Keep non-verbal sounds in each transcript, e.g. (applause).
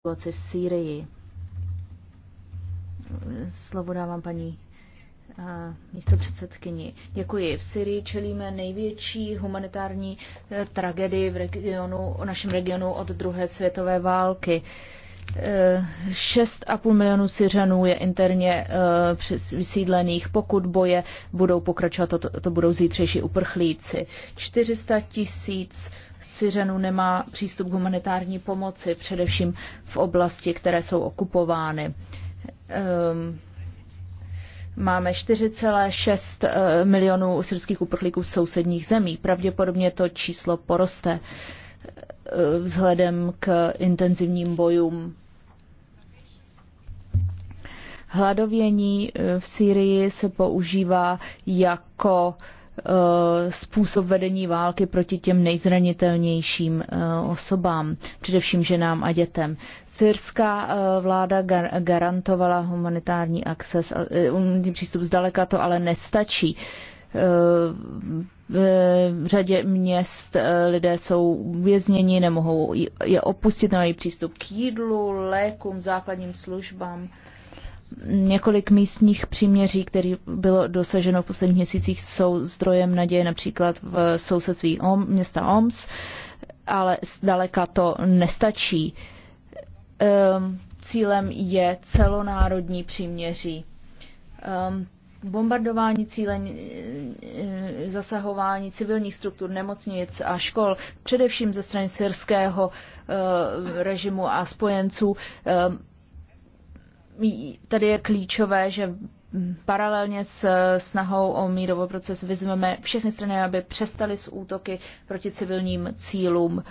situaci v Sýrii. Slovo dávám paní eh, místo předsedkyni. Děkuji. V Syrii čelíme největší humanitární eh, tragedii v regionu, v našem regionu od druhé světové války. 6,5 milionů Syřanů je interně eh, vysídlených. Pokud boje budou pokračovat, to, to, to budou zítřejší uprchlíci. 400 tisíc Syřanů nemá přístup k humanitární pomoci, především v oblasti, které jsou okupovány. Ehm, máme 4,6 eh, milionů syrských uprchlíků v sousedních zemích. Pravděpodobně to číslo poroste. Eh, vzhledem k intenzivním bojům. Hladovění eh, v Sýrii se používá jako eh, způsob vedení války proti těm nejzranitelnějším osobám, především ženám a dětem. Syrská vláda garantovala humanitární access, přístup zdaleka to ale nestačí v řadě měst eh, lidé jsou vězněni, nemohou je opustit, nemají přístup k jídlu, lékům, základním službám. Několik místních příměří, které bylo dosaženo v posledních měsících, jsou zdrojem naděje například v sousedství Om, města Oms, ale zdaleka to nestačí. Ehm, cílem je celonárodní příměří. Ehm, bombardování cíle, e, e, zasahování civilních struktur, nemocnic a škol, především ze strany syrského e, režimu a spojenců. Tady je klíčové, že paralelně s snahou o mírový proces vyzveme všechny strany, aby přestali s útoky proti civilním cílům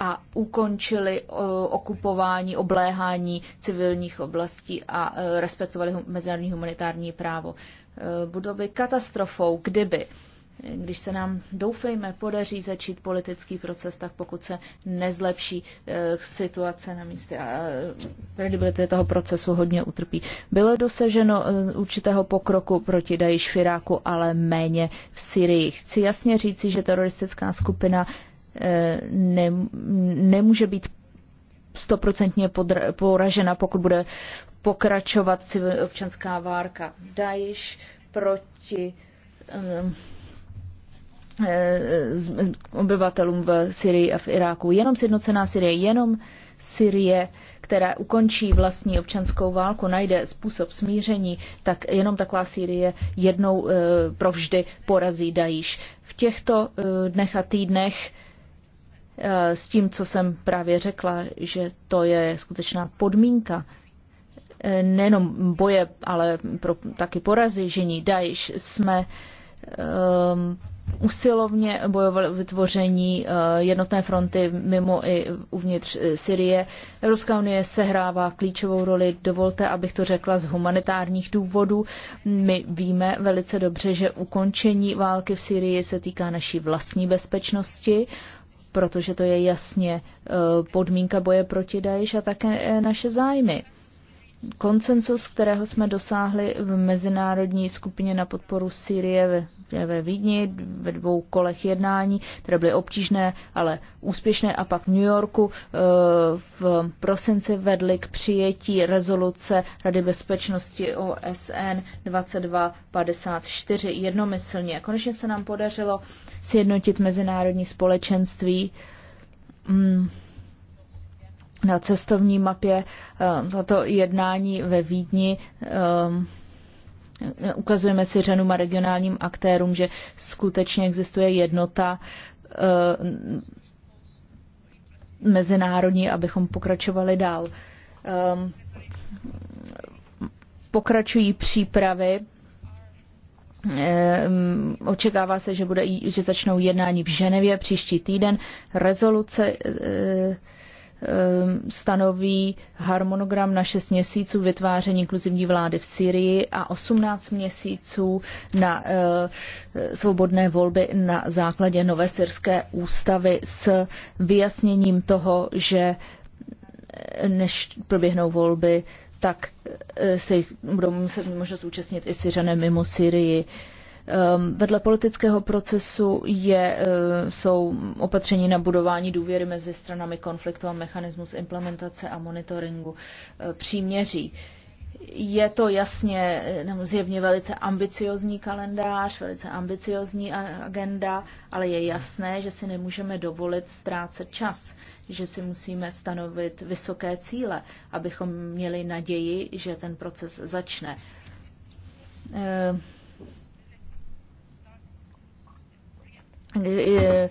a ukončili eh, okupování, obléhání civilních oblastí a eh, respektovali mezinárodní humanitární právo. Eh, budou by katastrofou, kdyby když se nám, doufejme, podaří začít politický proces, tak pokud se nezlepší e, situace na místě a e, kredibility toho procesu hodně utrpí. Bylo dosaženo e, určitého pokroku proti Dajiš Firáku, ale méně v Syrii. Chci jasně říci, že teroristická skupina ne, nemůže být stoprocentně poražena, pokud bude pokračovat civil, občanská várka. Daesh proti um, eh, obyvatelům v Syrii a v Iráku. Jenom sjednocená Syrie, jenom Syrie, která ukončí vlastní občanskou válku, najde způsob smíření, tak jenom taková Syrie jednou e, provždy porazí dajíš V těchto e, dnech a týdnech e, Eh, s tím, co jsem právě řekla, že to je skutečná podmínka eh, nejenom boje, ale pro, taky porazy žení Daesh jsme um, usilovně bojovali o vytvoření uh, jednotné fronty mimo i uvnitř Syrie. Evropská unie sehrává klíčovou roli, dovolte, abych to řekla, z humanitárních důvodů. My víme velice dobře, že ukončení války v Syrii se týká naší vlastní bezpečnosti. Uh, protože to je jasně eh, podmínka boje proti Daesh a také eh, naše zájmy koncensus, kterého jsme dosáhli v mezinárodní skupině na podporu Syrie ve, ve Vídni ve dvou kolech jednání, které byly obtížné, ale úspěšné a pak v New Yorku eh, v prosinci vedly k přijetí rezoluce Rady bezpečnosti OSN 2254 jednomyslně. Konečně se nám podařilo sjednotit mezinárodní společenství. Hmm na cestovní mapě eh, tato jednání ve Vídni eh, ukazujeme si Řenům a regionálním aktérům, že skutečně existuje jednota eh, mezinárodní, abychom pokračovali dál. Pokračují přípravy. Očekává se, že, bude, že začnou jednání v Ženevě příští týden. Rezoluce Ehm, stanoví harmonogram na 6 měsíců vytváření inkluzivní vlády v Syrii a 18 měsíců na eh, svobodné volby na základě nové syrské ústavy s vyjasněním toho, že eh, než proběhnou volby, tak eh, se jich budou muset možnost účastnit i Syřané mimo Syrii. Uh, Ehm, vedle politického procesu je, eh, jsou opatření na budování důvěry mezi stranami konfliktu a mechanismus implementace a monitoringu eh, příměří. Je to jasně, eh, nebo zjevně velice ambiciozní kalendář, velice ambiciozní agenda, ale je jasné, že si nemůžeme dovolit ztrácet čas, že si musíme stanovit vysoké cíle, abychom měli naději, že ten proces začne ehm, Eh,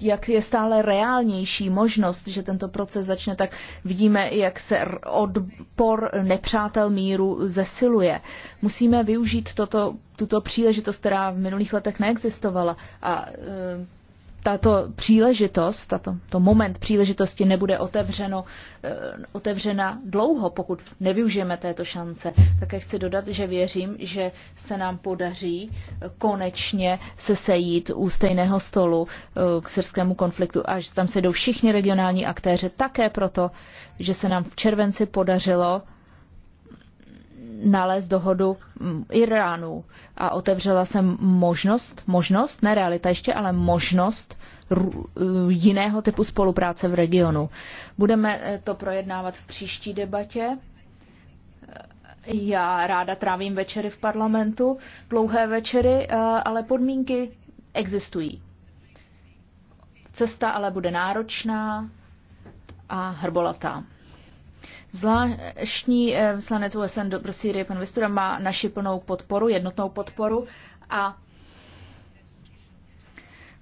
jak je stále reálnější možnost, že tento proces začne, tak vidíme, jak se odpor nepřátel míru zesiluje. Musíme využít toto, tuto příležitost, která v minulých letech neexistovala a eh, tato příležitost, tato, to moment příležitosti nebude otevřeno, eh, otevřena dlouho, pokud nevyužijeme této šance. Také chci dodat, že věřím, že se nám podaří eh, konečně se sejít u stejného stolu eh, k syrskému konfliktu a že tam se jdou všichni regionální aktéři také proto, že se nám v červenci podařilo nalézt dohodu mm, Iránu a otevřela se možnost, možnost, ne realita ještě, ale možnost eh, jiného typu spolupráce v regionu. Budeme eh, to projednávat v příští debatě. Já ráda trávím večery v parlamentu, dlouhé večery, eh, ale podmínky existují. Cesta ale bude náročná a hrbolatá. Zvláštní eh, vyslanec OSN pro Syrii, pan Vistura, má naši plnou podporu, jednotnou podporu a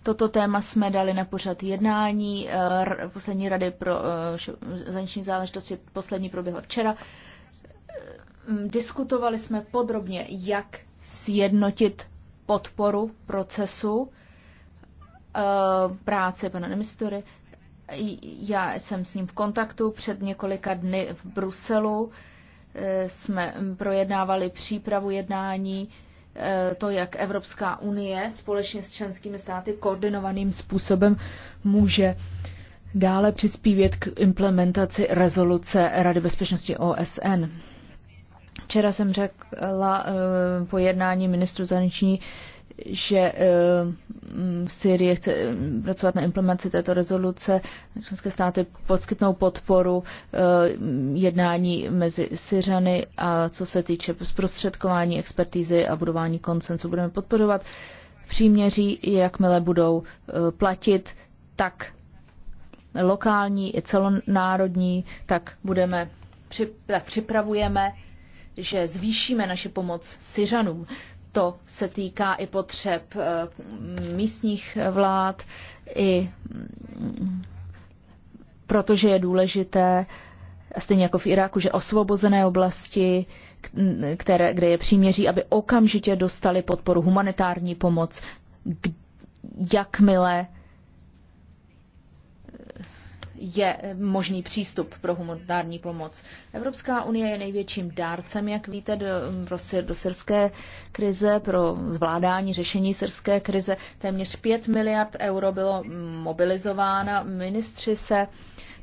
Toto téma jsme dali na pořad jednání eh, poslední rady pro eh, zahraniční záležitosti, poslední proběhlo včera. Mm, diskutovali jsme podrobně, jak sjednotit podporu procesu práce pana Nemistory, já jsem s ním v kontaktu před několika dny v Bruselu. Eh, jsme projednávali přípravu jednání, eh, to, jak Evropská unie společně s členskými státy koordinovaným způsobem může dále přispívět k implementaci rezoluce Rady bezpečnosti OSN. Včera jsem řekla eh, po jednání ministru zahraničních že uh, eh, mm, Syrie chce mm, pracovat na implementaci této rezoluce. Členské státy poskytnou podporu uh, jednání mezi Syřany a co se týče zprostředkování expertízy a budování koncensu. Budeme podporovat příměří, jakmile budou uh, platit, tak lokální i celonárodní, tak budeme tak připravujeme, že zvýšíme naše pomoc Syřanům. Uh, to se týká i potřeb eh, místních vlád, i mm, protože je důležité, stejně jako v Iráku, že osvobozené oblasti, mm, které, kde je příměří, aby okamžitě dostali podporu humanitární pomoc, jakmile je možný přístup pro humanitární pomoc. Evropská unie je největším dárcem, jak víte, do, pro, do syrské krize, pro zvládání řešení syrské krize. Téměř 5 miliard euro bylo mobilizováno. Ministři se uh,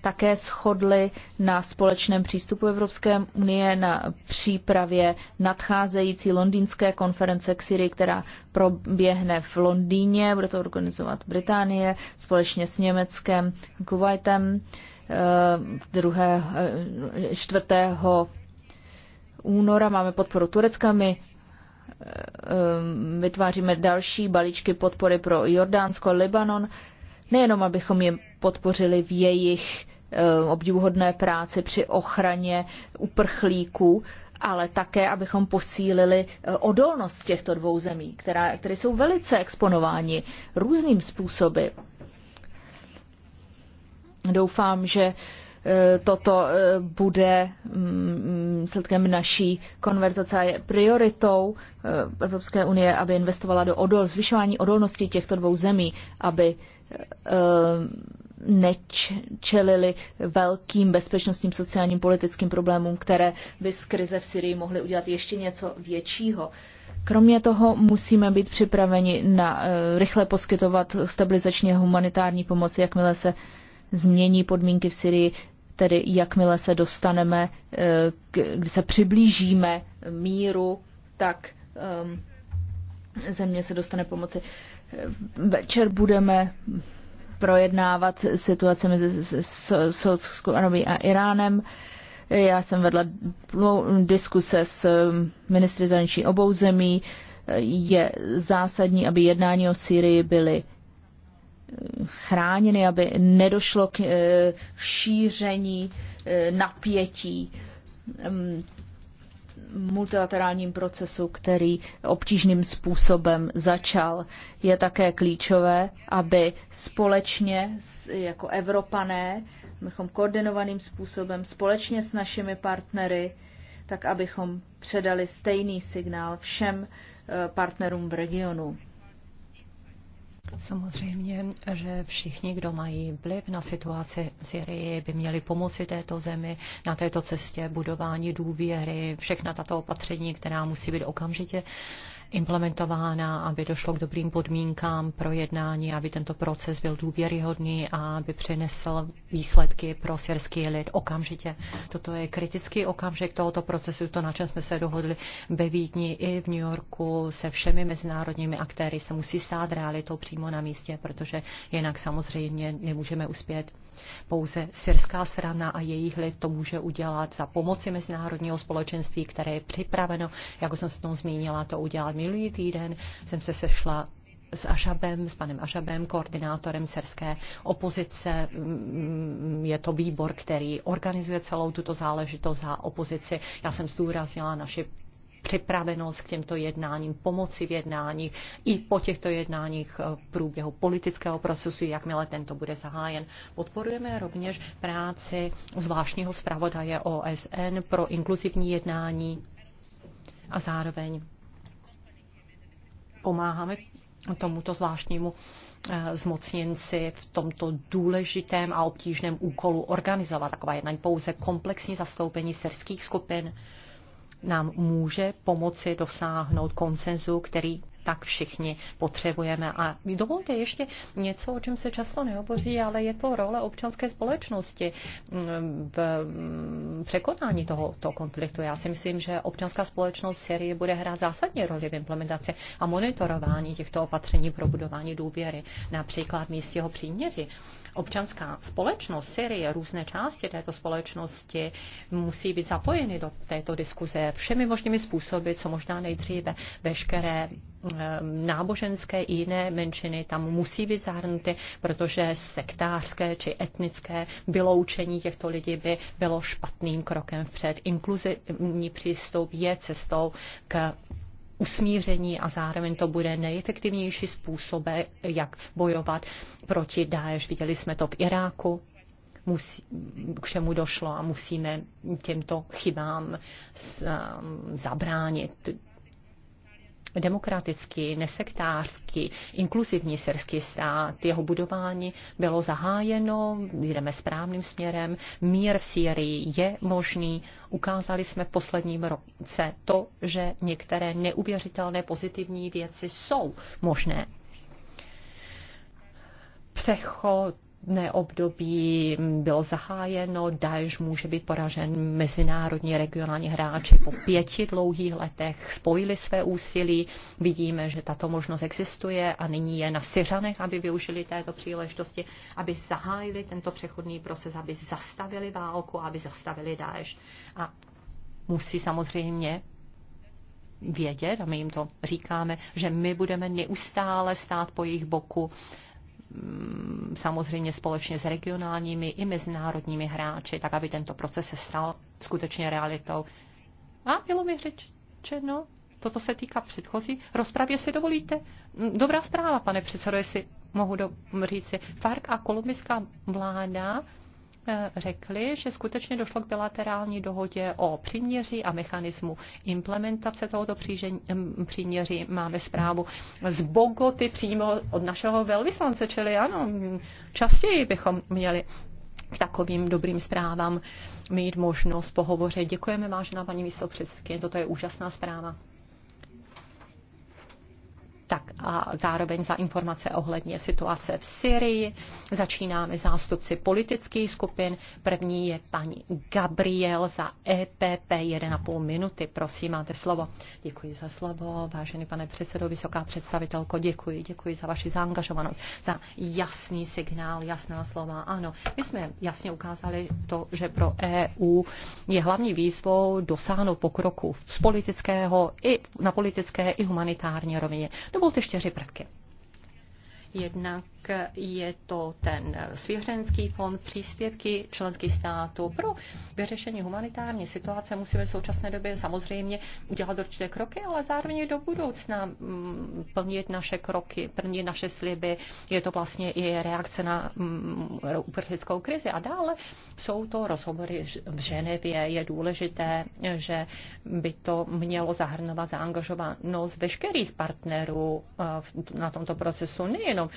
také shodli na společném přístupu Evropské unie na přípravě nadcházející londýnské konference k Syrii, která proběhne v Londýně, bude to organizovat Británie společně s Německem, Kuwaitem 4. Eh, eh, února. Máme podporu Turecka, my eh, vytváříme další balíčky podpory pro Jordánsko, Libanon nejenom abychom je podpořili v jejich eh, obdivuhodné práci při ochraně uprchlíků, ale také, abychom posílili eh, odolnost těchto dvou zemí, která, které jsou velice exponováni různým způsoby. Doufám, že eh, toto bude celkem mm, naší konverzace a je prioritou Evropské unie, aby investovala do odol, zvyšování odolnosti těchto dvou zemí, aby Eh, nečelili velkým bezpečnostním, sociálním, politickým problémům, které by z krize v Syrii mohly udělat ještě něco většího. Kromě toho musíme být připraveni na eh, rychle poskytovat stabilizačně humanitární pomoci, jakmile se změní podmínky v Syrii, tedy jakmile se dostaneme, eh, kdy se přiblížíme míru, tak um, země se dostane pomoci. Večer budeme projednávat situaci mezi Saudskou Arabií a Iránem. Já jsem vedla diskuse s um, ministry zahraničí obou zemí. Je zásadní, aby jednání o Syrii byly um, chráněny, aby nedošlo k uh, šíření uh, napětí um, multilaterálním procesu, který obtížným způsobem začal. Je také klíčové, aby společně jako Evropané, abychom koordinovaným způsobem, společně s našimi partnery, tak abychom předali stejný signál všem eh, partnerům v regionu. Samozřejmě, že všichni, kdo mají vliv na situaci v Syrii, by měli pomoci této zemi na této cestě budování důvěry, všechna tato opatření, která musí být okamžitě implementována, aby došlo k dobrým podmínkám pro jednání, aby tento proces byl důvěryhodný a aby přinesl výsledky pro syrský lid okamžitě. Toto je kritický okamžik tohoto procesu, to, na čem jsme se dohodli ve Vídni i v New Yorku se všemi mezinárodními aktéry, se musí stát realitou přímo na místě, protože jinak samozřejmě nemůžeme uspět. Pouze syrská strana a jejich lid to může udělat za pomoci mezinárodního společenství, které je připraveno, jako jsem se tomu zmínila, to udělat. Minulý týden jsem se sešla s Ašabem, s panem Ašabem, koordinátorem syrské opozice. Mm, je to výbor, který organizuje celou tuto záležitost za opozici. Já jsem zdůraznila naši připravenost k těmto jednáním, pomoci v jednáních, i po těchto jednáních eh, v průběhu politického procesu, jakmile tento bude zahájen. Podporujeme rovněž práci zvláštního zpravodaje OSN pro inkluzivní jednání a zároveň pomáháme tomuto zvláštnímu eh, zmocněnci v tomto důležitém a obtížném úkolu organizovat taková jednání pouze komplexní zastoupení syrských skupin nám může pomoci dosáhnout konsenzu, který tak všichni potřebujeme. A dovolte ještě něco, o čem se často nehovoří, ale je to role občanské společnosti mm, v mm, překonání tohoto konfliktu. Já si myslím, že občanská společnost v Syrii bude hrát zásadní roli v implementaci a monitorování těchto opatření pro budování důvěry, například místního příměři občanská společnost Syrie, různé části této společnosti musí být zapojeny do této diskuze všemi možnými způsoby, co možná nejdříve veškeré eh, náboženské i jiné menšiny tam musí být zahrnuty, protože sektářské či etnické vyloučení těchto lidí by bylo špatným krokem vpřed. Inkluzivní přístup je cestou k usmíření a zároveň to bude nejefektivnější způsob, jak bojovat proti Daesh. Viděli jsme to v Iráku, musí, k čemu došlo a musíme těmto chybám um, zabránit demokratický, nesektářský, inkluzivní syrský stát. Jeho budování bylo zahájeno, jdeme správným směrem, mír v Sýrii je možný. Ukázali jsme v posledním roce to, že některé neuvěřitelné pozitivní věci jsou možné. Přechod období bylo zahájeno, Daesh může být poražen, mezinárodní regionální hráči po pěti dlouhých letech spojili své úsilí, vidíme, že tato možnost existuje a nyní je na Syřanech, aby využili této příležitosti, aby zahájili tento přechodný proces, aby zastavili válku, aby zastavili Daesh. A musí samozřejmě vědět, a my jim to říkáme, že my budeme neustále stát po jejich boku Mm, samozřejmě společně s regionálními i mezinárodními hráči, tak aby tento proces se stal skutečně realitou. A bylo mi řečeno, toto se týká předchozí rozpravě, si dovolíte. Mm, dobrá zpráva, pane předsedo, jestli mohu do, říci. FARC a kolumbická vláda Eh, řekli, že skutečně došlo k bilaterální dohodě o příměří a mechanismu implementace tohoto mm, příměří. Máme zprávu z Bogoty přímo od našeho velvyslance, čili ano, častěji bychom měli k takovým dobrým zprávám mít možnost pohovořit. Děkujeme, vážená paní místopředsedkyně, toto je úžasná zpráva tak a zároveň za informace ohledně situace v Syrii. Začínáme zástupci politických skupin. První je paní Gabriel za EPP 1,5 minuty. Prosím, máte slovo. Děkuji za slovo, vážený pane předsedo, vysoká představitelko, děkuji, děkuji za vaši zaangažovanost, za jasný signál, jasná slova. Ano, my jsme jasně ukázali to, že pro EU je hlavní výzvou dosáhnout pokroku z politického i na politické i humanitární rovině dovolte čtyři prvky. Jednak je to ten svěřenský fond, příspěvky členských států. Pro vyřešení humanitární situace musíme v současné době samozřejmě udělat určité kroky, ale zároveň do budoucna mm, plnit naše kroky, plnit naše sliby. Je to vlastně i reakce na mm, uprchlickou krizi. A dále jsou to rozhovory v Ženevě. Je důležité, že by to mělo zahrnovat zaangažovanost veškerých partnerů eh, na tomto procesu, nejenom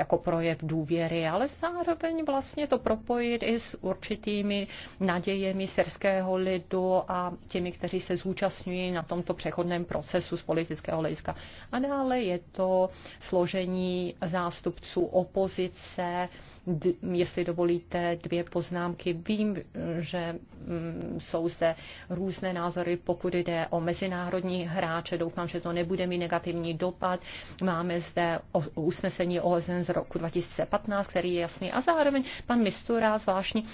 jako projev důvěry, ale zároveň vlastně to propojit i s určitými nadějemi syrského lidu a těmi, kteří se zúčastňují na tomto přechodném procesu z politického hlediska. A dále je to složení zástupců opozice, jestli dovolíte, dvě poznámky. Vím, že mm, jsou zde různé názory, pokud jde o mezinárodní hráče. Doufám, že to nebude mít negativní dopad. Máme zde usnesení OSN z roku 2015, který je jasný. A zároveň pan Mistura, zvláštní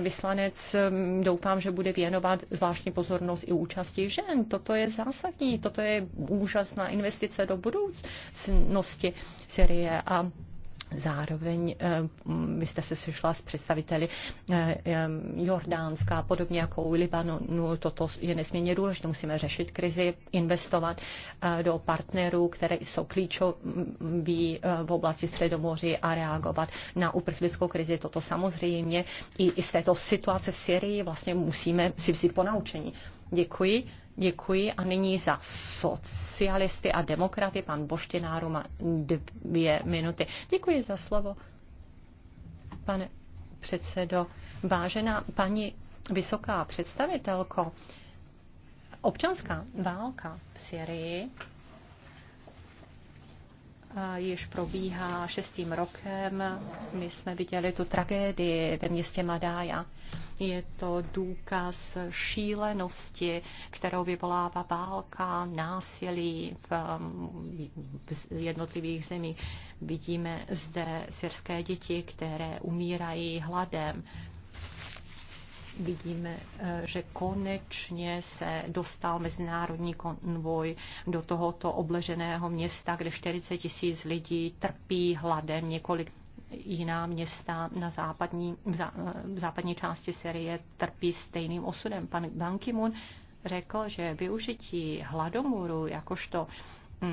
vyslanec, mm, doufám, že bude věnovat zvláštní pozornost i účasti žen. Toto je zásadní, toto je úžasná investice do budoucnosti Syrie. A Zároveň eh, vy jste se sešla s představiteli eh, eh, Jordánska, podobně jako u Libanonu. Toto je nesmírně důležité. Musíme řešit krizi, investovat do partnerů, které jsou klíčoví v oblasti Středomoří a reagovat na uprchlickou krizi. Toto samozřejmě i z této situace v Syrii vlastně musíme si vzít ponaučení. Děkuji. Děkuji a nyní za socialisty a demokraty pan Boštináru má dvě minuty. Děkuji za slovo, pane předsedo. Vážená paní vysoká představitelko, občanská válka v Syrii již probíhá šestým rokem. My jsme viděli tu tragédii ve městě Madája. Je to důkaz šílenosti, kterou vyvolává válka, násilí v, um, v jednotlivých zemích. Vidíme zde syrské děti, které umírají hladem vidíme, eh, že konečně se dostal mezinárodní konvoj do tohoto obleženého města, kde 40 tisíc lidí trpí hladem několik jiná města na západní, v západní části Syrie trpí stejným osudem. Pan Ban Ki-moon řekl, že využití hladomoru jakožto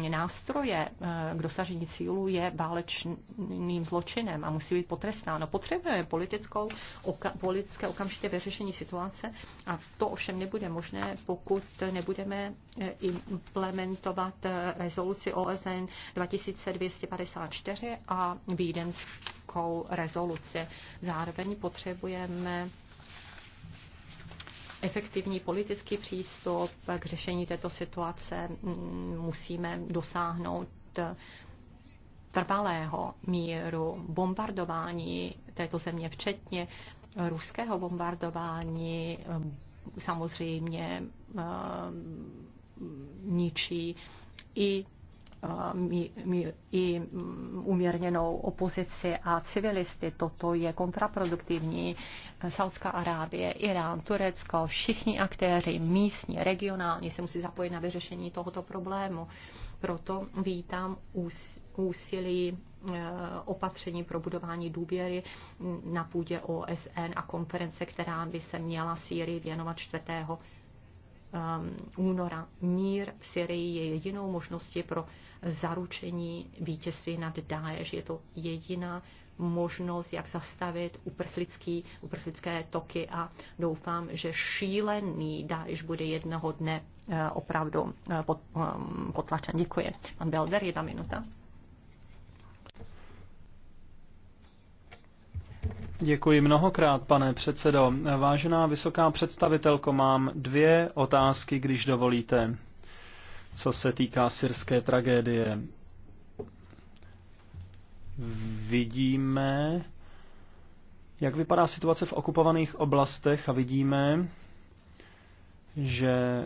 nástroje eh, k dosažení cílů je válečným zločinem a musí být potrestáno. Potřebujeme politickou, oka, politické okamžité vyřešení situace a to ovšem nebude možné, pokud nebudeme eh, implementovat eh, rezoluci OSN 2254 a výdenskou rezoluci. Zároveň potřebujeme efektivní politický přístup k řešení této situace mm, musíme dosáhnout eh, trvalého míru, bombardování této země, včetně ruského bombardování, eh, samozřejmě eh, ničí i i mm, uměrněnou opozici a civilisty. Toto je kontraproduktivní. Saudská Arábie, Irán, Turecko, všichni aktéři, místní, regionální, se musí zapojit na vyřešení tohoto problému. Proto vítám úsilí e, opatření pro budování důvěry na půdě OSN a konference, která by se měla Sýrii věnovat 4. Um, února. Mír v Syrii je jedinou možností pro zaručení vítězství nad Daesh. Je to jediná možnost, jak zastavit uprchlický, uprchlické toky a doufám, že šílený Daesh bude jednoho dne eh, opravdu eh, um, potlačen. Děkuji. Pan Belder, jedna minuta. Děkuji mnohokrát, pane předsedo. Vážená vysoká představitelko, mám dvě otázky, když dovolíte, co se týká syrské tragédie. Vidíme, jak vypadá situace v okupovaných oblastech a vidíme, že eh,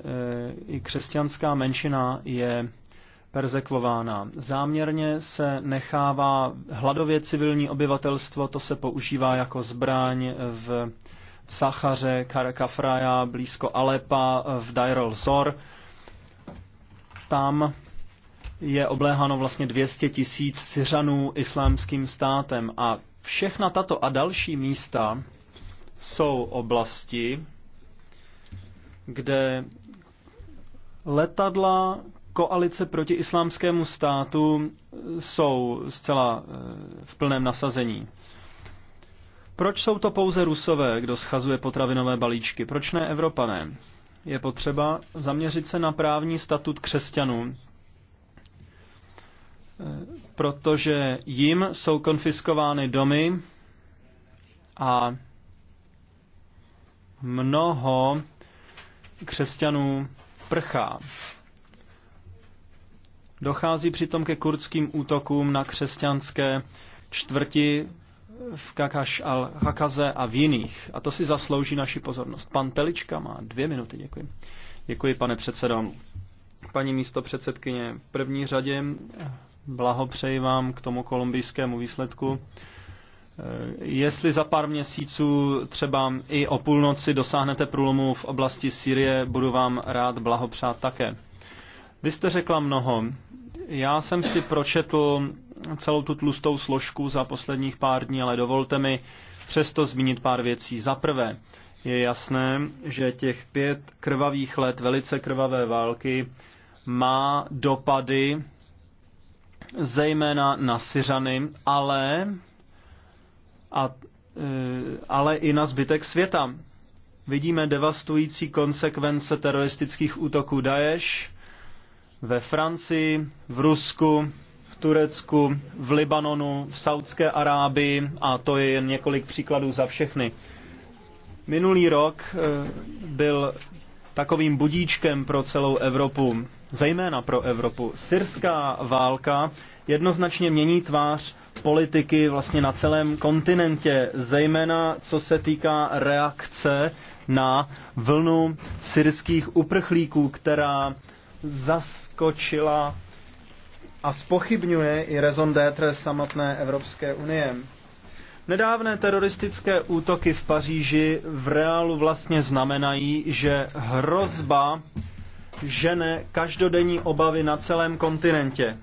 i křesťanská menšina je perzekvována. Záměrně se nechává hladově civilní obyvatelstvo, to se používá jako zbraň v Sachaře, Karakafraja, blízko Alepa, v Dairol Zor. Tam je obléháno vlastně 200 tisíc Syřanů islámským státem a všechna tato a další místa jsou oblasti, kde letadla koalice proti islámskému státu jsou zcela eh, v plném nasazení. Proč jsou to pouze rusové, kdo schazuje potravinové balíčky? Proč ne Evropané? Je potřeba zaměřit se na právní statut křesťanů, eh, protože jim jsou konfiskovány domy a mnoho křesťanů prchá. Dochází přitom ke kurdským útokům na křesťanské čtvrti v Kakaš al-Hakaze a v jiných. A to si zaslouží naši pozornost. Pan Telička má dvě minuty, děkuji. Děkuji, pane předsedo. Paní místo předsedkyně, v první řadě blahopřeji vám k tomu kolumbijskému výsledku. Eh, jestli za pár měsíců třeba i o půlnoci dosáhnete průlomu v oblasti Sýrie, budu vám rád blahopřát také. Vy jste řekla mnoho. Já jsem si pročetl celou tu tlustou složku za posledních pár dní, ale dovolte mi přesto zmínit pár věcí. Za prvé, je jasné, že těch pět krvavých let velice krvavé války má dopady zejména na Syřany, ale, a, e, ale i na zbytek světa. Vidíme devastující konsekvence teroristických útoků Daesh, ve Francii, v Rusku, v Turecku, v Libanonu, v Saudské Arábii a to je jen několik příkladů za všechny. Minulý rok eh, byl takovým budíčkem pro celou Evropu, zejména pro Evropu. Syrská válka jednoznačně mění tvář politiky vlastně na celém kontinentě, zejména co se týká reakce na vlnu syrských uprchlíků, která zas vyskočila a spochybňuje i rezon d'être samotné Evropské unie. Nedávné teroristické útoky v Paříži v reálu vlastně znamenají, že hrozba žene každodenní obavy na celém kontinentě.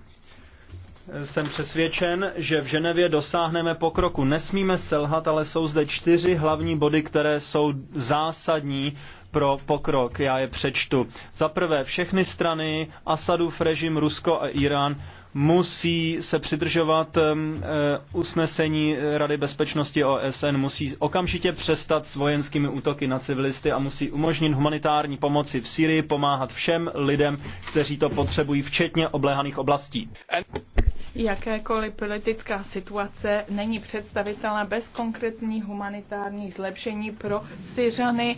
Jsem přesvědčen, že v Ženevě dosáhneme pokroku. Nesmíme selhat, ale jsou zde čtyři hlavní body, které jsou zásadní pro pokrok. Já je přečtu. Za prvé, všechny strany, Asadův režim, Rusko a Irán, musí se přidržovat eh, usnesení Rady bezpečnosti OSN, musí okamžitě přestat s vojenskými útoky na civilisty a musí umožnit humanitární pomoci v Syrii pomáhat všem lidem, kteří to potřebují, včetně oblehaných oblastí. Jakékoliv politická situace není představitelná bez konkrétních humanitárních zlepšení pro Syřany.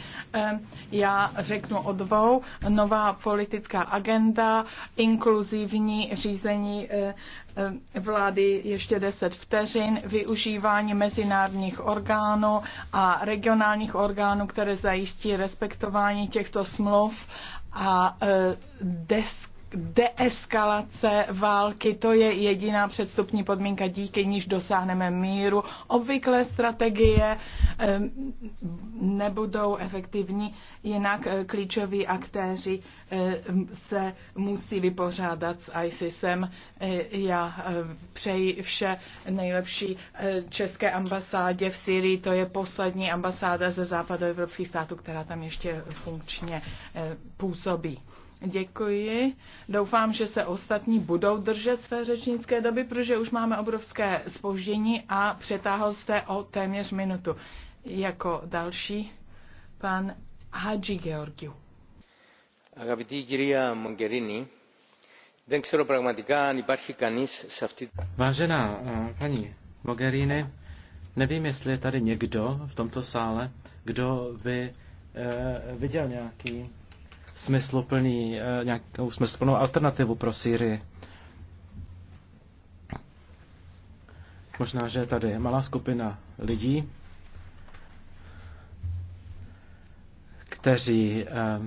Já řeknu o dvou. Nová politická agenda, inkluzivní řízení eh, eh, vlády ještě 10 vteřin, využívání mezinárodních orgánů a regionálních orgánů, které zajistí respektování těchto smluv a eh, desk deeskalace války, to je jediná předstupní podmínka, díky níž dosáhneme míru. Obvyklé strategie nebudou efektivní, jinak eh, klíčoví aktéři se musí vypořádat s ISISem. Eh, já přeji vše nejlepší eh, české ambasádě v Syrii, to je poslední ambasáda ze západoevropských států, která tam ještě funkčně působí. Děkuji. Doufám, že se ostatní budou držet své řečnické doby, protože už máme obrovské spoždění a přetáhl jste o téměř minutu. Jako další pan Hadži Georgiou. Vážená paní Mogherini, nevím, jestli je tady někdo v tomto sále, kdo by viděl nějaký smysluplný, eh, nějakou smysluplnou alternativu pro Sýrii. Možná, že tady je malá skupina lidí, kteří eh, eh,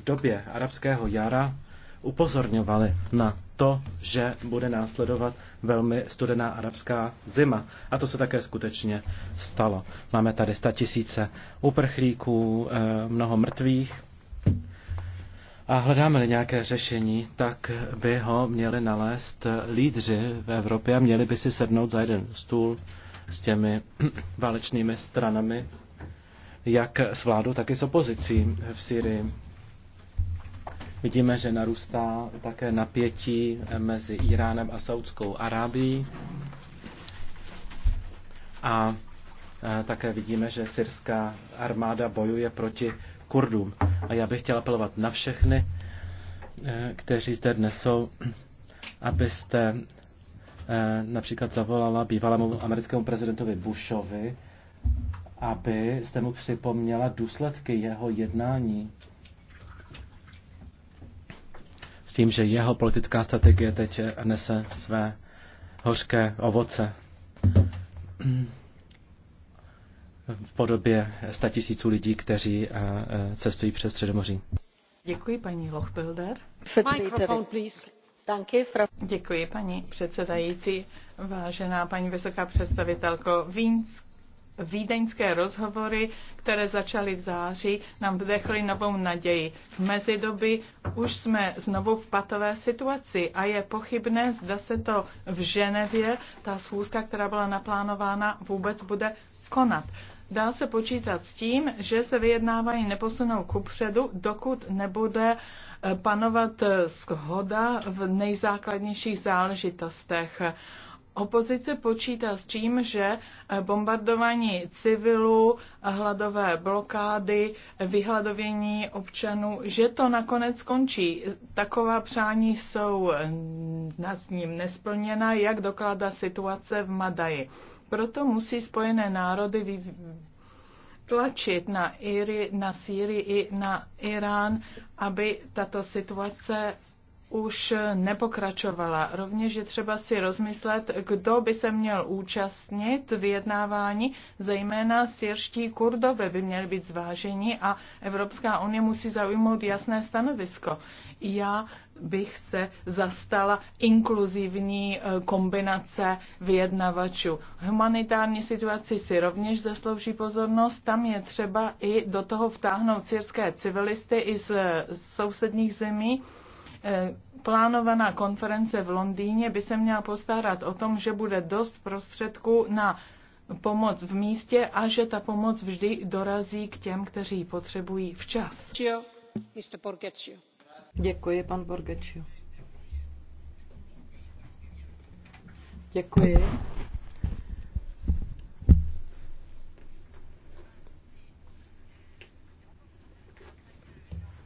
v době arabského jara upozorňovali na to, že bude následovat velmi studená arabská zima. A to se také skutečně stalo. Máme tady tisíce uprchlíků, mnoho mrtvých a hledáme-li nějaké řešení, tak by ho měli nalézt lídři v Evropě a měli by si sednout za jeden stůl s těmi (clears throat) válečnými stranami, jak s vládou, tak i s opozicí v Syrii. Vidíme, že narůstá také napětí mezi Iránem a Saudskou Arábií. A e, také vidíme, že syrská armáda bojuje proti Kurdům. A já bych chtěla apelovat na všechny, eh, kteří zde dnes jsou, abyste eh, například zavolala bývalému americkému prezidentovi Bushovi, aby jste mu připomněla důsledky jeho jednání s tím, že jeho politická strategie teď nese své hořké ovoce v podobě sta tisíců lidí, kteří eh, eh, cestují přes Středomoří. Děkuji, paní Lochbilder. Děkuji, paní předsedající. Vážená paní vysoká představitelko, Vínsk Vídeňské rozhovory, které začaly v září, nám vdechly novou naději. V mezidobí už jsme znovu v patové situaci a je pochybné, zda se to v Ženevě, ta schůzka, která byla naplánována, vůbec bude konat. Dá se počítat s tím, že se vyjednávání neposunou předu, dokud nebude e, panovat e, shoda v nejzákladnějších záležitostech. Opozice počítá s tím, že e, bombardování civilů, hladové blokády, vyhladovění občanů, že to nakonec skončí. Taková přání jsou nad ním nesplněna, jak dokládá situace v Madaji. Proto musí Spojené národy tlačit na, Iry, na Syrii i na Irán, aby tato situace už nepokračovala. Rovněž je třeba si rozmyslet, kdo by se měl účastnit vyjednávání, zejména syrští kurdové by měli být zváženi a Evropská unie musí zaujmout jasné stanovisko. Já bych se zastala inkluzivní eh, kombinace vyjednavačů. Humanitární situaci si rovněž zaslouží pozornost. Tam je třeba i do toho vtáhnout syrské civilisty i z sousedních zemí. Eh, plánovaná konference v Londýně by se měla postarat o tom, že bude dost prostředků na pomoc v místě a že ta pomoc vždy dorazí k těm, kteří ji potřebují včas. Mr. Děkuji, pan Borgečio. Děkuji.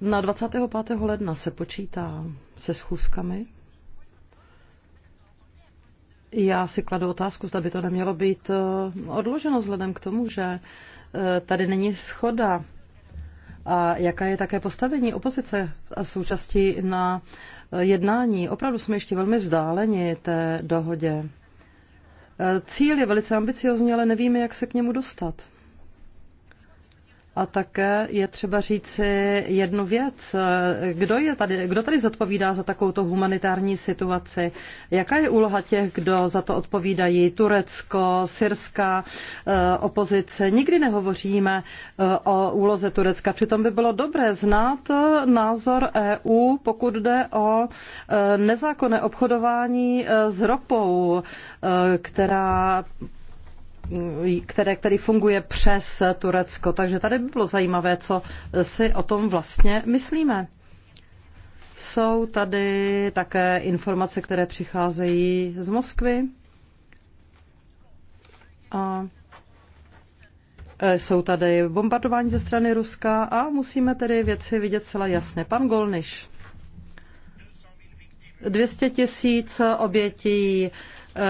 Na 25. ledna se počítá se schůzkami. Já si kladu otázku, zda by to nemělo být eh, odloženo vzhledem k tomu, že eh, tady není schoda a jaká je také postavení opozice a součástí na jednání. Opravdu jsme ještě velmi vzdáleni té dohodě. Cíl je velice ambiciozní, ale nevíme, jak se k němu dostat. A také je třeba říci jednu věc. Kdo, je tady, kdo tady zodpovídá za takovouto humanitární situaci? Jaká je úloha těch, kdo za to odpovídají? Turecko, syrská eh, opozice. Nikdy nehovoříme eh, o úloze Turecka. Přitom by bylo dobré znát eh, názor EU, pokud jde o nezákonné obchodování s ropou, která které, který funguje přes Turecko. Takže tady by bylo zajímavé, co si o tom vlastně myslíme. Jsou tady také informace, které přicházejí z Moskvy. A e, jsou tady bombardování ze strany Ruska a musíme tedy věci vidět celá jasně. Pan Golniš. 200 tisíc obětí Eh,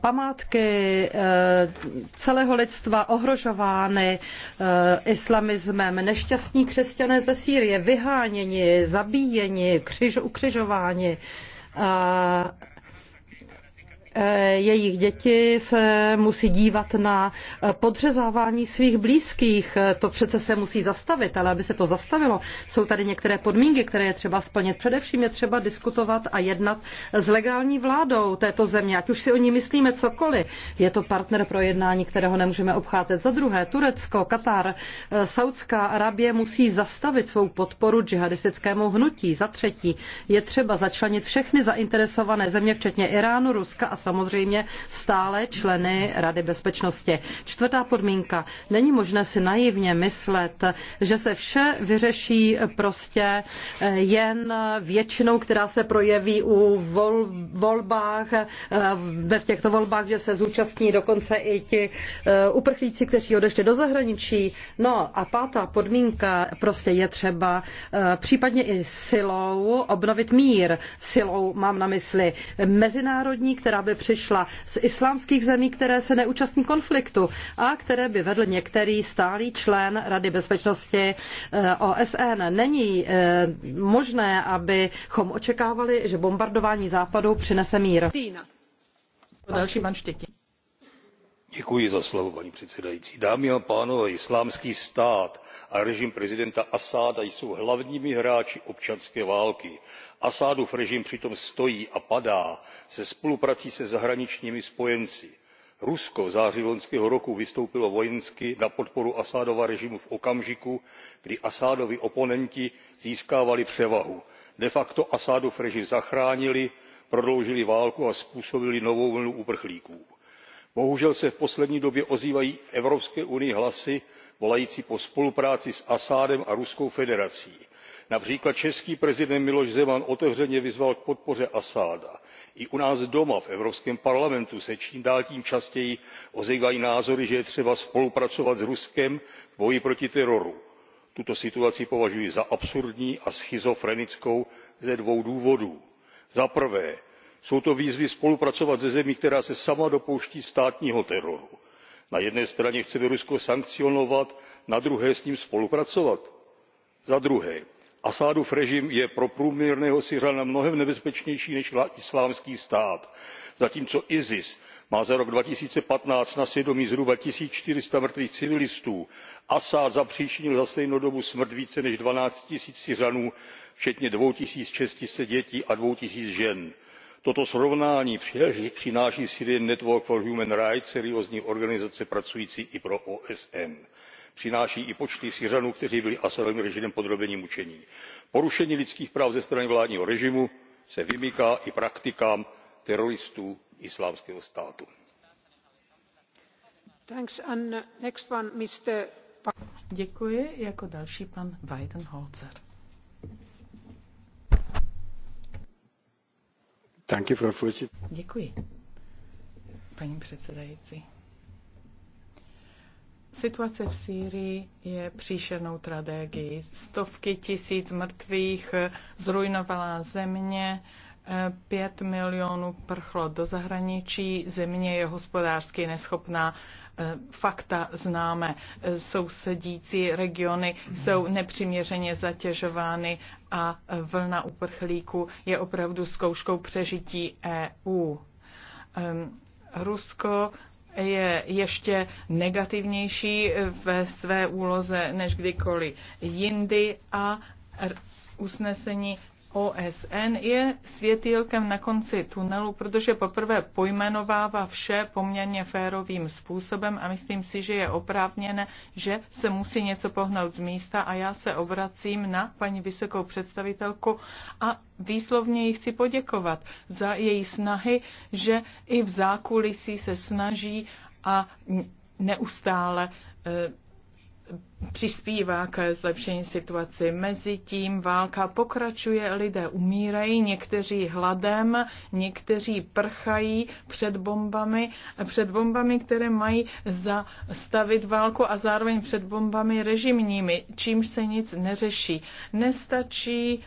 památky eh, celého lidstva ohrožovány eh, islamismem, nešťastní křesťané ze Sýrie vyháněni, zabíjeni, křiž, ukřižováni. Eh, jejich děti se musí dívat na eh, podřezávání svých blízkých. Eh, to přece se musí zastavit, ale aby se to zastavilo, jsou tady některé podmínky, které je třeba splnit. Především je třeba diskutovat a jednat s legální vládou této země, ať už si o ní myslíme cokoliv. Je to partner pro jednání, kterého nemůžeme obcházet. Za druhé, Turecko, Katar, Saudská Arabie musí zastavit svou podporu džihadistickému hnutí. Za třetí, je třeba začlenit všechny zainteresované země, včetně Iránu, Ruska a samozřejmě stále členy Rady bezpečnosti. Čtvrtá podmínka. Není možné si naivně myslet, že se vše vyřeší prostě eh, jen většinou, která se projeví u vol, volbách, eh, v těchto volbách, že se zúčastní dokonce i ti eh, uprchlíci, kteří odešli do zahraničí. No a pátá podmínka prostě je třeba případně i silou obnovit mír. Silou mám na mysli mezinárodní, která by přišla z islámských zemí, které se neúčastní konfliktu a které by vedl některý stálý člen Rady bezpečnosti eh, OSN. Není eh, možné, abychom očekávali, že bombardování západu přinese mír. Další pan Štětin. Děkuji za slovo, paní předsedající dámy a pánové islámský stát a režim prezidenta asada jsou hlavními hráči občanské války asadův režim přitom stojí a padá se spoluprací se zahraničními spojenci. rusko v září loňského roku vystoupilo vojensky na podporu Asadova režimu v okamžiku kdy asadovi oponenti získávali převahu. de facto asadův režim zachránili prodloužili válku a způsobili novou vlnu uprchlíků. bohužel se v poslední době ozývají v evropské unii hlasy volající po spolupráci s Asadem a ruskou federací například český prezident miloš zeman otevřeně vyzval k podpoře asada. i u nás doma v evropském parlamentu se čím dál tím častěji ozývají názory že je třeba spolupracovat s ruskem v boji proti teroru. tuto situaci považuji za absurdní a schizofrenickou ze dvou důvodů. za prvé jsou to výzvy spolupracovat se zemí která se sama dopouští státního teroru. na jedné straně chceme rusko sankcionovat na druhé s ním spolupracovat? za druhé Asadův režim je pro průměrného syřana mnohem nebezpečnější než islámský stát. zatímco isis má za rok two thousand and fifteen na svědomí zhruba one four hundred mrtvých civilistů asad zapříčinil za stejnou dobu smrt více než twelve zero syřanů včetně two six hundred dětí a two zero žen. toto srovnání přináší syrian network for human rights seriózní organizace pracující i pro osn přináší i počty syřanů kteří byli asadovým režimem podrobeni mučení. porušení lidských práv ze strany vládního režimu se vymyká i praktikám teroristů islámského státu. Děkuji. Jako Děkuji, paní předsedající Situace v Sýrii je příšernou tragédií. Stovky tisíc mrtvých, zrujnovala země, eh, pět milionů prchlo do zahraničí, země je hospodářsky neschopná. Eh, fakta známe. Eh, sousedící regiony jsou nepřiměřeně zatěžovány a vlna uprchlíků je opravdu zkouškou přežití EU. Ehm, Rusko je ještě negativnější ve své úloze než kdykoliv jindy a usnesení OSN je světýlkem na konci tunelu, protože poprvé pojmenovává vše poměrně férovým způsobem a myslím si, že je oprávněné, že se musí něco pohnout z místa a já se obracím na paní vysokou představitelku a výslovně jí chci poděkovat za její snahy, že i v zákulisí se snaží a neustále eh, přispívá k zlepšení situaci. Mezitím válka pokračuje, lidé umírají, někteří hladem, někteří prchají před bombami, před bombami, které mají zastavit válku a zároveň před bombami režimními, čímž se nic neřeší. Nestačí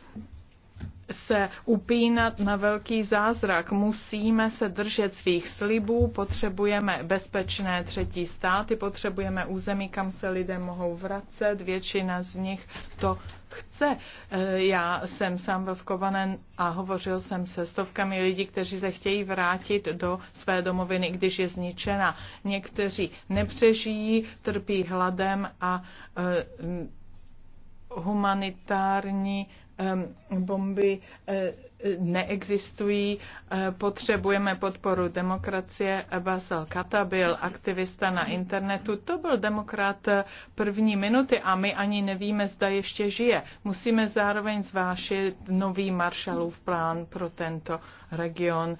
se upínat na velký zázrak. Musíme se držet svých slibů, potřebujeme bezpečné třetí státy, potřebujeme území, kam se lidé mohou vracet. Většina z nich to chce. E, já jsem sám byl v Kovanen a hovořil jsem se stovkami lidí, kteří se chtějí vrátit do své domoviny, když je zničena. Někteří nepřežijí, trpí hladem a e, humanitární bomby eh, neexistují. Eh, potřebujeme podporu demokracie. Basel Kata byl aktivista na internetu. To byl demokrat eh, první minuty a my ani nevíme, zda ještě žije. Musíme zároveň zvážit nový Marshallův plán pro tento region.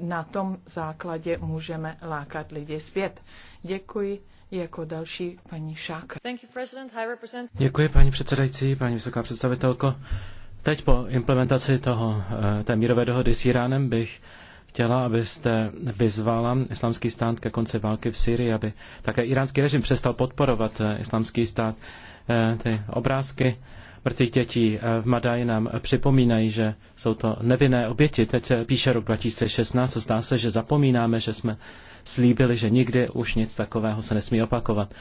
Na tom základě můžeme lákat lidi zpět. Děkuji. Jako další paní Šák. Děkuji, paní předsedající, paní vysoká představitelko. Teď po implementaci toho, eh, té mírové dohody s Iránem bych chtěla, abyste vyzvala islámský stát ke konci války v Syrii, aby také iránský režim přestal podporovat eh, islámský stát. Eh, ty obrázky mrtvých dětí eh, v Madaji nám připomínají, že jsou to nevinné oběti. Teď se píše rok 2016 a zdá se, že zapomínáme, že jsme slíbili, že nikdy už nic takového se nesmí opakovat.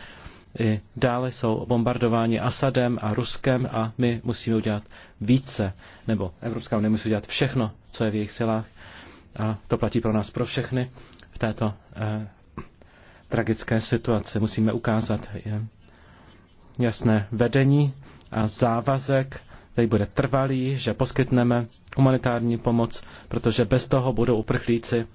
I dále jsou bombardováni Asadem a Ruskem a my musíme udělat více, nebo Evropská unie musí udělat všechno, co je v jejich silách. A to platí pro nás pro všechny v této eh, tragické situaci. Musíme ukázat je, eh, jasné vedení závazek, který bude trvalý, že poskytneme humanitární pomoc, protože bez toho budou uprchlíci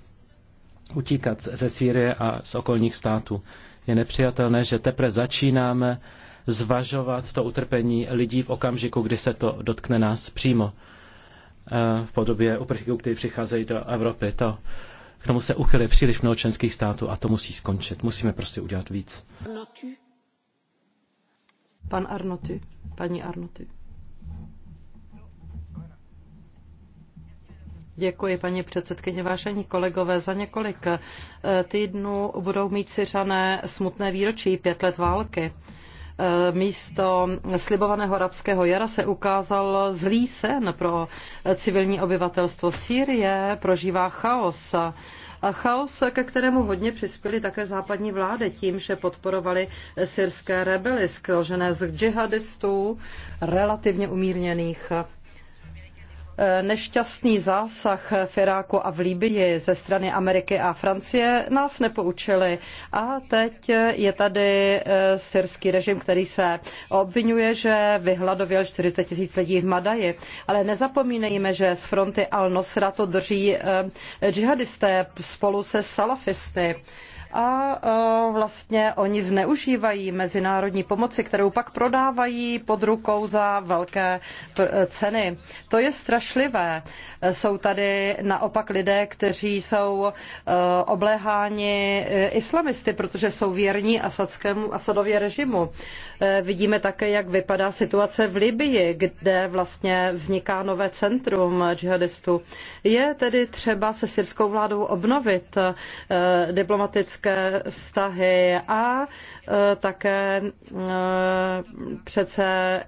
utíkat ze Sýrie a z okolních států. Je nepřijatelné, že teprve začínáme zvažovat to utrpení lidí v okamžiku, kdy se to dotkne nás přímo eh, v podobě uprchlíků, kteří přicházejí do Evropy. To, k tomu se uchyluje příliš mnoho členských států a to musí skončit. Musíme prostě udělat víc. Pan Arnoty, paní Arnoty. Děkuji, paní předsedkyně. Vážení kolegové, za několik eh, týdnů budou mít siřané smutné výročí pět let války. Eh, místo slibovaného arabského jara se ukázal zlý sen pro eh, civilní obyvatelstvo Sýrie, prožívá chaos. A chaos, ke kterému hodně přispěly také západní vlády tím, že podporovali syrské rebely skrožené z džihadistů, relativně umírněných nešťastný zásah v Iráku a v Líbii ze strany Ameriky a Francie nás nepoučili. A teď je tady eh, syrský režim, který se obvinuje, že vyhladověl 40 tisíc lidí v Madaji. Ale nezapomínejme, že z fronty Al-Nosra to drží eh, džihadisté spolu se salafisty a e, vlastně oni zneužívají mezinárodní pomoci, kterou pak prodávají pod rukou za velké e, ceny. To je strašlivé. E, jsou tady naopak lidé, kteří jsou obléháni islamisty, protože jsou věrní asadskému, Asadově režimu. Vidíme také, jak vypadá situace v Libii, kde vlastně vzniká nové centrum džihadistů. Je tedy třeba se syrskou vládou obnovit diplomatické ekonomické vztahy a e, také e, přece e,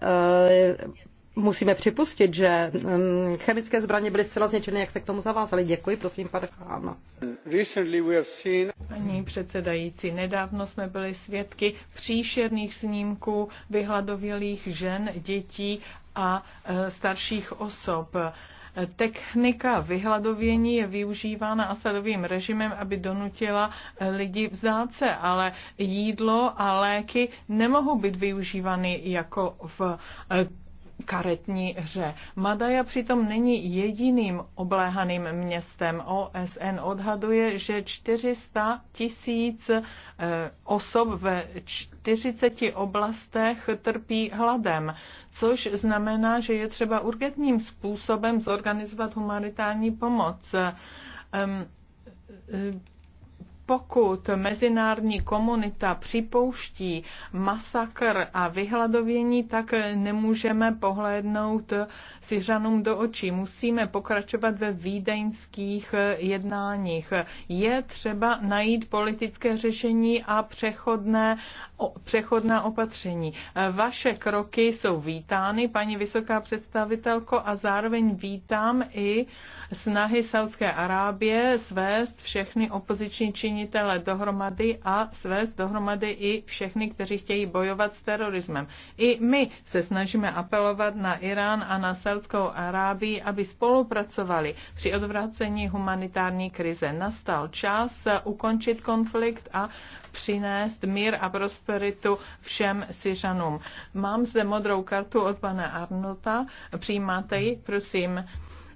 musíme připustit, že mm, chemické zbraně byly zcela zničeny, jak se k tomu zavázali. Děkuji, prosím, pane Chána. Paní předsedající, nedávno jsme byli svědky příšerných snímků vyhladovělých žen, dětí a starších osob. Technika vyhladovění je využívána Asadovým režimem, aby donutila eh, lidi vzdát se, ale jídlo a léky nemohou být využívány jako v eh, karetní hře. Madaja přitom není jediným obléhaným městem. OSN odhaduje, že 400 tisíc eh, osob ve 40 oblastech trpí hladem, což znamená, že je třeba urgentním způsobem zorganizovat humanitární pomoc pokud mezinárodní komunita připouští masakr a vyhladovění, tak nemůžeme pohlédnout Syřanům do očí. Musíme pokračovat ve vídeňských jednáních. Je třeba najít politické řešení a přechodné, přechodná opatření. Vaše kroky jsou vítány, paní vysoká představitelko, a zároveň vítám i snahy Saudské Arábie svést všechny opoziční činy činitele dohromady a svést dohromady i všechny, kteří chtějí bojovat s terorismem. I my se snažíme apelovat na Irán a na Saudskou Arábii, aby spolupracovali při odvracení humanitární krize. Nastal čas ukončit konflikt a přinést mír a prosperitu všem Syřanům. Mám zde modrou kartu od pana Arnota. Přijímáte ji, prosím.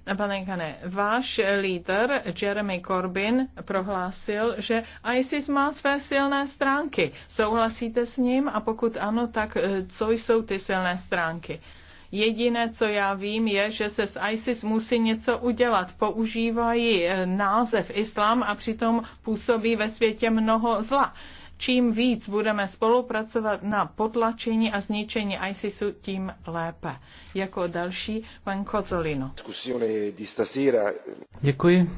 Pane Kane, váš lídr Jeremy Corbyn prohlásil, že ISIS má své silné stránky. Souhlasíte s ním a pokud ano, tak eh, co jsou ty silné stránky? Jediné, co já vím, je, že se s ISIS musí něco udělat. Používají eh, název islám a přitom působí ve světě mnoho zla Čím víc budeme spolupracovat na potlačení a zničení ISISu, tím lépe. Jako další pan Kozolino. Děkuji.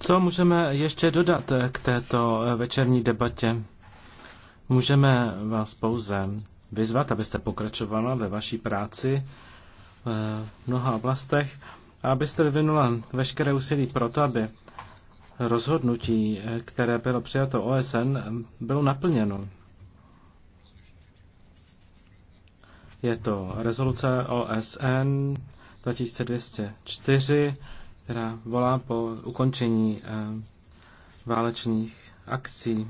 Co můžeme ještě dodat k této večerní debatě? Můžeme vás pouze vyzvat, abyste pokračovala ve vaší práci eh, v mnoha oblastech a abyste vyvinula veškeré úsilí pro to, aby rozhodnutí, které bylo přijato OSN, bylo naplněno. Je to rezoluce OSN 2204, která volá po ukončení eh, válečných akcí.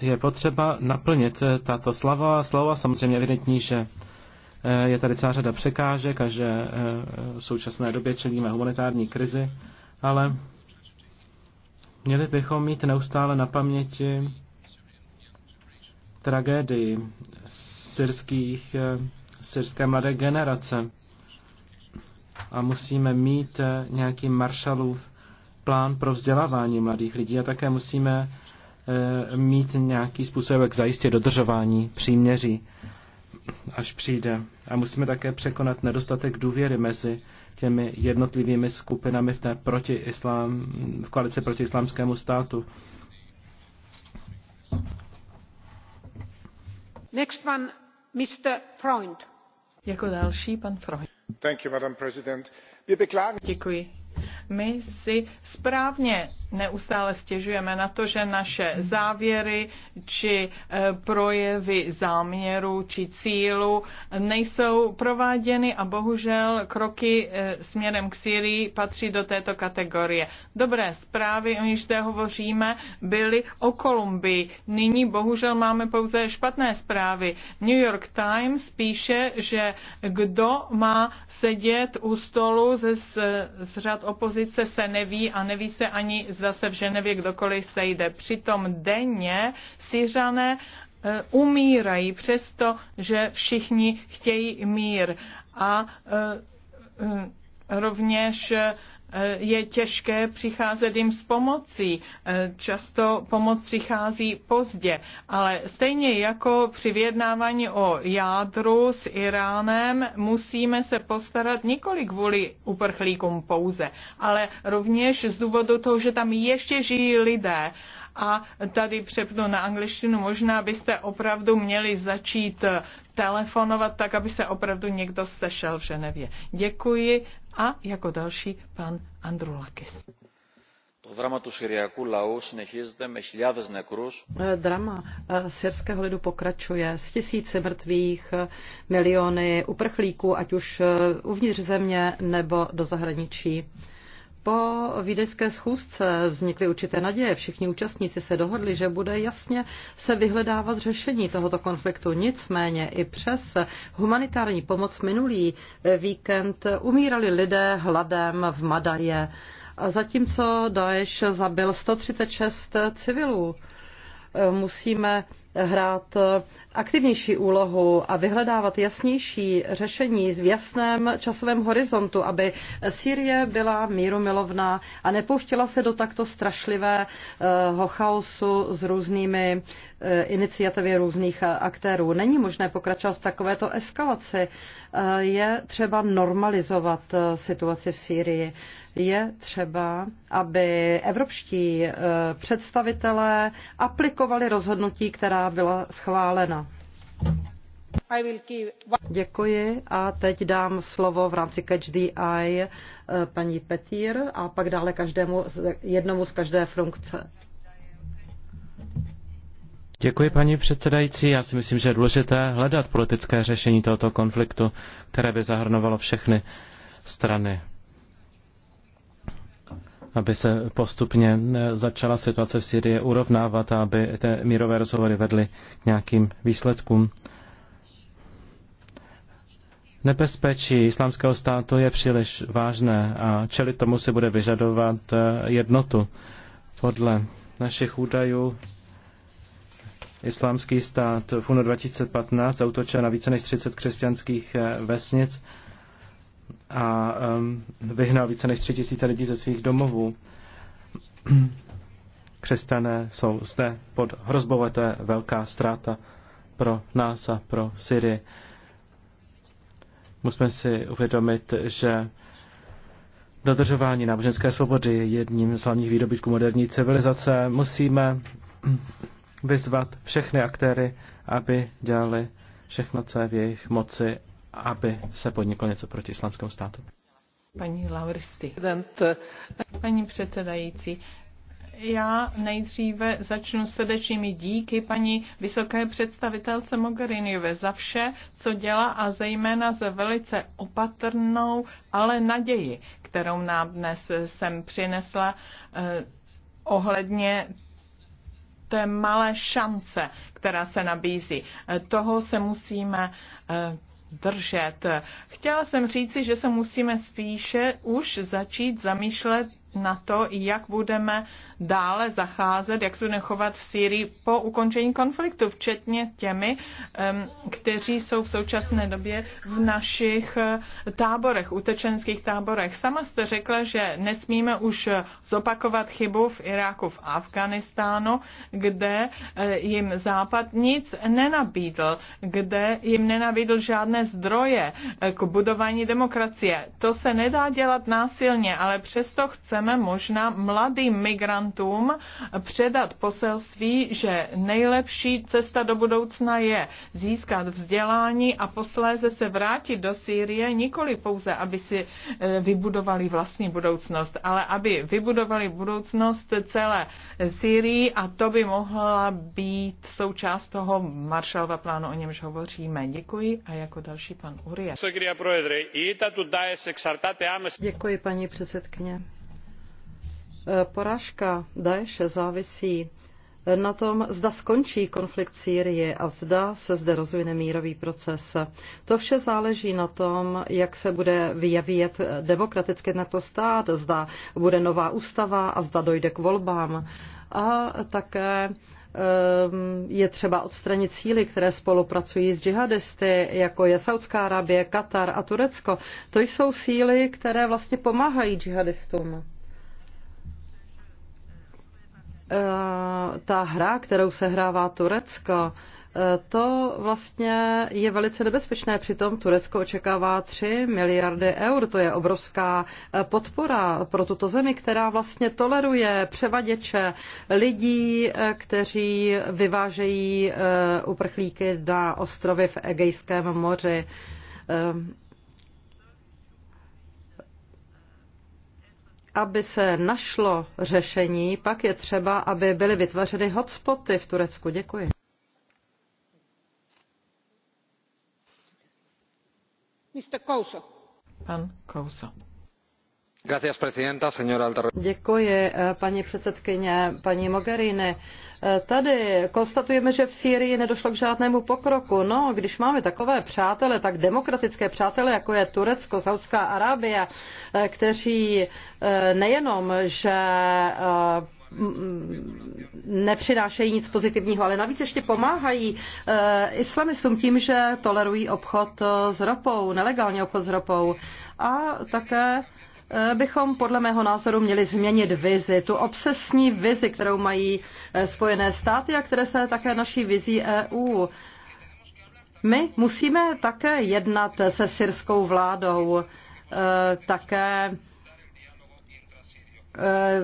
Je potřeba naplnit eh, tato slava. Slova samozřejmě evidentní, že Eh, je tady celá řada překážek a že eh, v současné době čelíme humanitární krizi, ale měli bychom mít neustále na paměti tragédii syrských, eh, syrské mladé generace a musíme mít nějaký Marshallův plán pro vzdělávání mladých lidí a také musíme mít nějaký způsob, jak zajistit dodržování příměří až přijde. A musíme také překonat nedostatek důvěry mezi těmi jednotlivými skupinami v té proti islám, v koalici proti islámskému státu. Next one, Mr. Freund. Jako další pan Freund. Thank you, Madam President. Děkuji my si správně neustále stěžujeme na to, že naše závěry či e, projevy záměru či cílu nejsou prováděny a bohužel kroky e, směrem k Syrii patří do této kategorie. Dobré zprávy, o níž zde hovoříme, byly o Kolumbii. Nyní bohužel máme pouze špatné zprávy. New York Times píše, že kdo má sedět u stolu ze, z řad opozice, pozice se neví a neví se ani, zda se v Ženevě kdokoliv sejde. Přitom denně Syřané eh, umírají přesto, že všichni chtějí mír. A eh, eh, rovněž eh, je těžké přicházet jim s pomocí. Eh, často pomoc přichází pozdě, ale stejně jako při vyjednávání o jádru s Iránem musíme se postarat nikoli kvůli uprchlíkům pouze, ale rovněž z důvodu toho, že tam ještě žijí lidé. A tady přepnu na angličtinu, možná byste opravdu měli začít telefonovat tak, aby se opravdu někdo sešel v Ženevě. Děkuji a jako další pan Androulakis? Drama syrského lidu pokračuje s tisíci mrtvých, miliony uprchlíků, ať už uvnitř země nebo do zahraničí. Po vídeňské schůzce vznikly určité naděje. Všichni účastníci se dohodli, že bude jasně se vyhledávat řešení tohoto konfliktu. Nicméně i přes humanitární pomoc minulý víkend umírali lidé hladem v Madaje, zatímco Daesh zabil 136 civilů. Musíme hrát aktivnější úlohu a vyhledávat jasnější řešení v jasném časovém horizontu, aby Sýrie byla mírumilovná a nepouštěla se do takto strašlivého chaosu s různými eh, iniciativy různých aktérů. Není možné pokračovat v takovéto eskalaci. Eh, je třeba normalizovat eh, situaci v Sýrii. Je třeba, aby evropští představitelé aplikovali rozhodnutí, která byla schválena. Děkuji a teď dám slovo v rámci Catch the Eye eh, paní Petír a pak dále každému, jednomu z každé funkce. Děkuji, paní předsedající. Já si myslím, že je důležité hledat politické řešení tohoto konfliktu, které by zahrnovalo všechny strany aby se postupně e, začala situace v Syrii urovnávat a aby ty mírové rozhovory vedly k nějakým výsledkům. Nebezpečí islámského státu je příliš vážné a čelit tomu se bude vyžadovat e, jednotu. Podle našich údajů islámský stát v únoru 2015 zautočil na více než 30 křesťanských e, vesnic a vyhnal více než tři tisíce lidí ze svých domovů. (clears throat) Křesťané jsou zde pod hrozbou, to je velká ztráta pro nás a pro Syrii. Musíme si uvědomit, že dodržování náboženské svobody je jedním z hlavních výdobytků moderní civilizace. Musíme (clears throat) vyzvat všechny aktéry, aby dělali všechno, co je v jejich moci aby se podniklo něco proti islámskému státu. Paní Lauristy. Paní předsedající, já nejdříve začnu srdečnými díky paní vysoké představitelce Mogheriniové za vše, co dělá a zejména za velice opatrnou, ale naději, kterou nám dnes jsem přinesla eh, ohledně té malé šance, která se nabízí. Eh, toho se musíme eh, držet. Chtěla jsem říci, že se musíme spíše už začít zamýšlet na to, jak budeme dále zacházet, jak se budeme chovat v Sýrii po ukončení konfliktu, včetně těmi, kteří jsou v současné době v našich eh, táborech, utečenských táborech. Sama jste řekla, že nesmíme už zopakovat chybu v Iráku, v Afganistánu, kde eh, jim Západ nic nenabídl, kde jim nenabídl žádné zdroje eh, k budování demokracie. To se nedá dělat násilně, ale přesto chceme můžeme možná mladým migrantům předat poselství, že nejlepší cesta do budoucna je získat vzdělání a posléze se vrátit do Sýrie, nikoli pouze, aby si e, vybudovali vlastní budoucnost, ale aby vybudovali budoucnost celé Syrii a to by mohla být součást toho Marshallova plánu, o němž hovoříme. Děkuji a jako další pan Urie. Děkuji, paní předsedkyně. E, porážka Daeše závisí na tom, zda skončí konflikt Sýrie a zda se zde rozvine mírový proces. To vše záleží na tom, jak se bude vyjevět demokraticky na to stát, zda bude nová ústava a zda dojde k volbám. A také je třeba odstranit síly, které spolupracují s džihadisty, jako je Saudská Arábie, Katar a Turecko. To jsou síly, které vlastně pomáhají džihadistům ta hra, kterou se hrává Turecko, eh, to vlastně je velice nebezpečné. Přitom Turecko očekává 3 miliardy eur. To je obrovská eh, podpora pro tuto zemi, která vlastně toleruje převaděče lidí, eh, kteří vyvážejí uprchlíky na ostrovy v Egejském moři aby se našlo řešení, pak je třeba, aby byly vytvořeny hotspoty v Turecku. Děkuji. Mr. Kouso. Pan Kouso. Děkuji, eh, paní předsedkyně, paní Mogherini Tady konstatujeme, že v Sýrii nedošlo k žádnému pokroku. No, když máme takové přátele, tak demokratické přátele, jako je Turecko, Saudská Arábie, eh, kteří eh, nejenom, že eh, nepřinášejí nic pozitivního, ale navíc ještě pomáhají islamistům tím, že tolerují obchod s ropou, nelegální obchod s ropou a také Eh, bychom podle mého názoru měli změnit vizi, tu obsesní vizi, kterou mají eh, Spojené státy a které se také naší vizí EU. My musíme také jednat se syrskou vládou, eh, také Eh,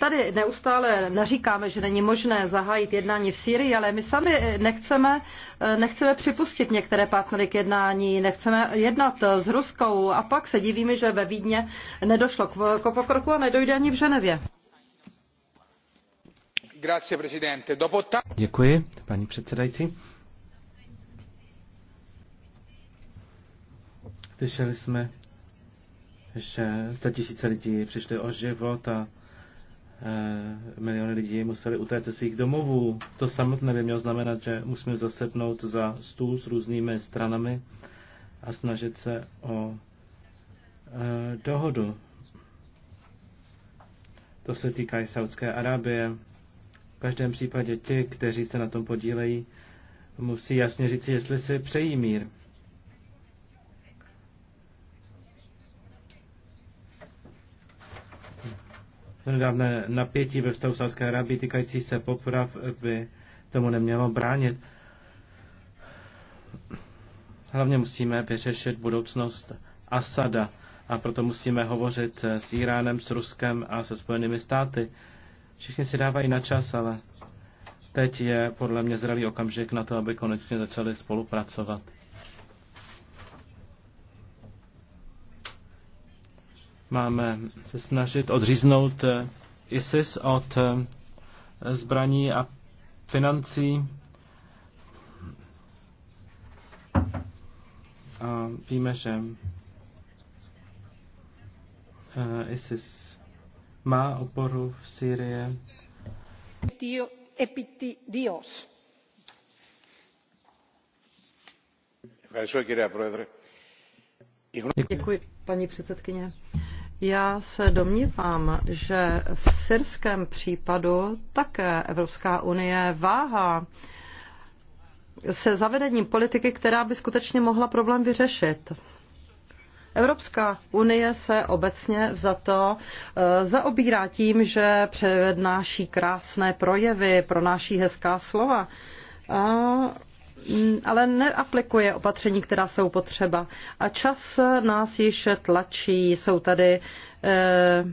tady neustále naříkáme, že není možné zahájit jednání v Sýrii, ale my sami nechceme, eh, nechceme připustit některé partnery k jednání, nechceme jednat s Ruskou a pak se divíme, že ve Vídně nedošlo k pokroku a nedojde ani v Ženevě. Děkuji, paní předsedající. Slyšeli jsme že tisíce lidí přišli o život a e, miliony lidí museli utéct ze svých domovů. To samotné by mělo znamenat, že musíme zasednout za stůl s různými stranami a snažit se o e, dohodu. To se týká i Saudské Arábie. V každém případě ti, kteří se na tom podílejí, musí jasně říci, jestli si přejí mír. nedávné napětí ve vztahu Saudské Arábie týkající se poprav by tomu nemělo bránit. Hlavně musíme vyřešit budoucnost Asada a proto musíme hovořit s Iránem, s Ruskem a se Spojenými státy. Všichni si dávají na čas, ale teď je podle mě zralý okamžik na to, aby konečně začali spolupracovat. Máme se snažit odříznout eh, ISIS od eh, zbraní a financí. A víme, že eh, ISIS má oporu v Sýrii. Děkuji, paní předsedkyně já se domnívám, že v syrském případu také Evropská unie váhá se zavedením politiky, která by skutečně mohla problém vyřešit. Evropská unie se obecně za to eh, zaobírá tím, že přednáší krásné projevy, pronáší hezká slova. A Mm, ale neaplikuje opatření, která jsou potřeba. A čas nás již tlačí. Jsou tady eh,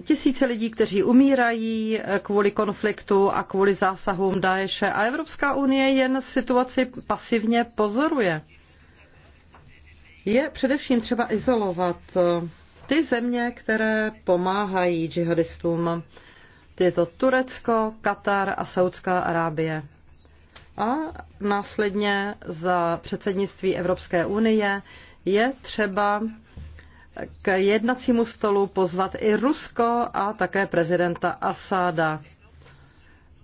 tisíce lidí, kteří umírají eh, kvůli konfliktu a kvůli zásahům Daeše. A Evropská unie jen situaci pasivně pozoruje. Je především třeba izolovat eh, ty země, které pomáhají džihadistům. Je to Turecko, Katar a Saudská Arábie a následně za předsednictví Evropské unie je třeba k jednacímu stolu pozvat i Rusko a také prezidenta Asáda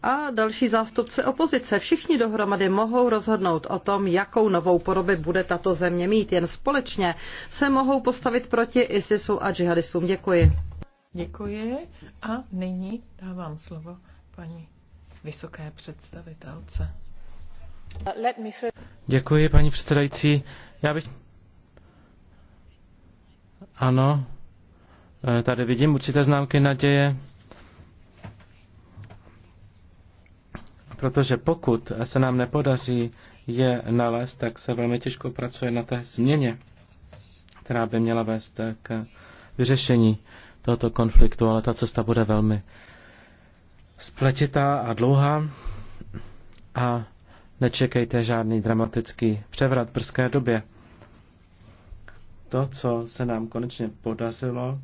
a další zástupce opozice. Všichni dohromady mohou rozhodnout o tom, jakou novou podobu bude tato země mít. Jen společně se mohou postavit proti ISISu a džihadistům. Děkuji. Děkuji a nyní dávám slovo paní vysoké představitelce. Děkuji, paní předsedající. Já bych... Ano, eh, tady vidím určité známky naděje. Protože pokud se nám nepodaří je nalézt, tak se velmi těžko pracuje na té změně, která by měla vést k vyřešení tohoto konfliktu, ale ta cesta bude velmi spletitá a dlouhá. A nečekejte žádný dramatický převrat v brzké době. To, co se nám konečně podařilo,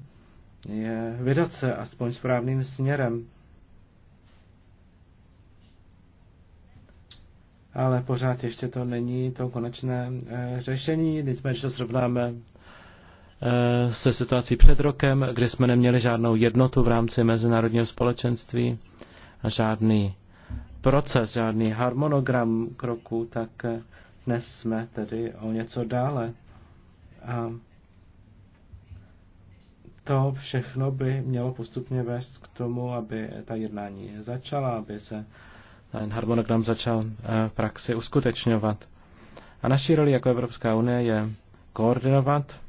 je vydat se aspoň správným směrem. Ale pořád ještě to není to konečné e, řešení, nicméně, když to srovnáme e, se situací před rokem, kdy jsme neměli žádnou jednotu v rámci mezinárodního společenství a žádný proces, žádný harmonogram kroků, tak dnes jsme tedy o něco dále. A to všechno by mělo postupně vést k tomu, aby ta jednání začala, aby se ten harmonogram začal v eh, praxi uskutečňovat. A naší roli jako Evropská unie je koordinovat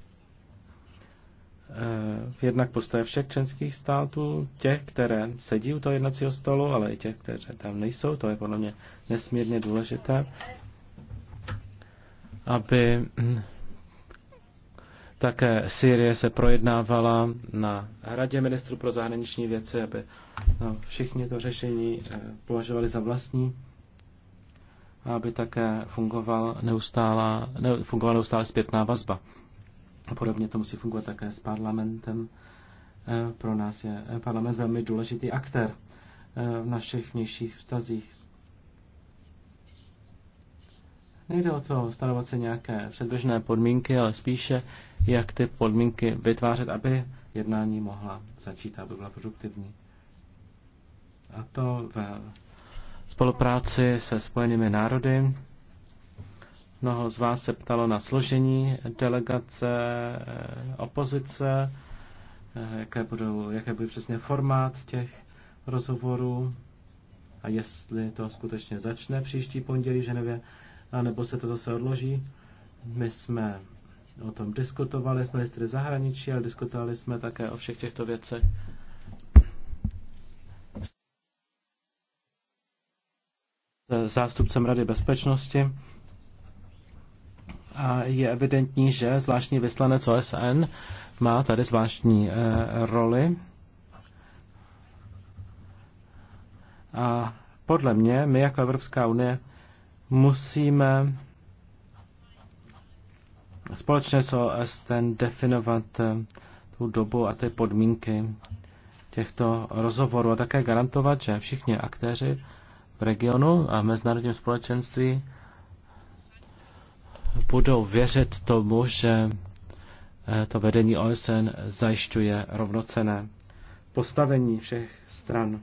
jednak postoje všech členských států, těch, které sedí u toho jednacího stolu, ale i těch, kteří tam nejsou. To je podle mě nesmírně důležité, aby hm, také Syrie se projednávala na Radě ministrů pro zahraniční věci, aby no, všichni to řešení eh, považovali za vlastní aby také fungoval neustála, ne, fungovala neustále zpětná vazba. A podobně to musí fungovat také s parlamentem. Eh, pro nás je eh, parlament velmi důležitý aktér eh, v našich vnějších vztazích. Nejde o to stanovat se nějaké předběžné podmínky, ale spíše, jak ty podmínky vytvářet, aby jednání mohla začít, aby byla produktivní. A to ve spolupráci se Spojenými národy, Mnoho z vás se ptalo na složení delegace eh, opozice, eh, jaké budou, jaké bude přesně formát těch rozhovorů a jestli to skutečně začne příští pondělí v Ženevě, anebo se to zase odloží. My jsme o tom diskutovali s ministry zahraničí, ale diskutovali jsme také o všech těchto věcech. zástupcem Rady bezpečnosti. A je evidentní, že zvláštní vyslanec OSN má tady zvláštní eh, roli. A podle mě, my jako Evropská unie musíme společně s OSN definovat eh, tu dobu a ty podmínky těchto rozhovorů a také garantovat, že všichni aktéři v regionu a v mezinárodním společenství budou věřit tomu, že eh, to vedení OSN zajišťuje rovnocené postavení všech stran.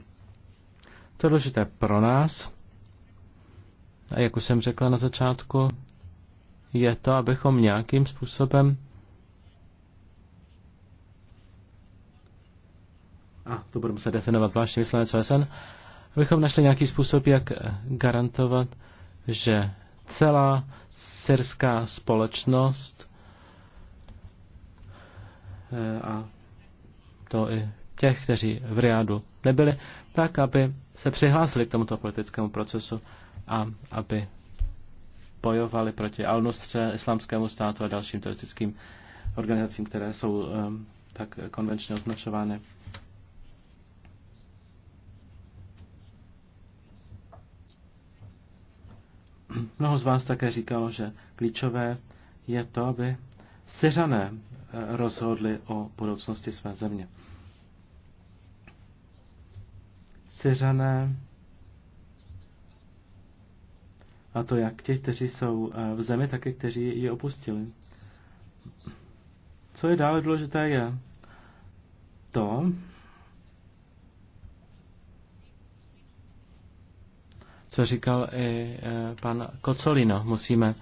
To je důležité pro nás. A jak už jsem řekla na začátku, je to, abychom nějakým způsobem a to budeme se definovat zvláštní vyslanec OSN, abychom našli nějaký způsob, jak garantovat, že celá syrská společnost eh, a to i těch, kteří v Riádu nebyli, tak aby se přihlásili k tomuto politickému procesu a aby bojovali proti Al-Nusře, islámskému státu a dalším teroristickým organizacím, které jsou eh, tak konvenčně označovány Mnoho z vás také říkalo, že klíčové je to, aby seřané eh, rozhodli o budoucnosti své země. Seřané a to jak ti, kteří jsou eh, v zemi, tak i kteří ji opustili. Co je dále důležité, je to, co říkal i e, pan Kocolino. Musíme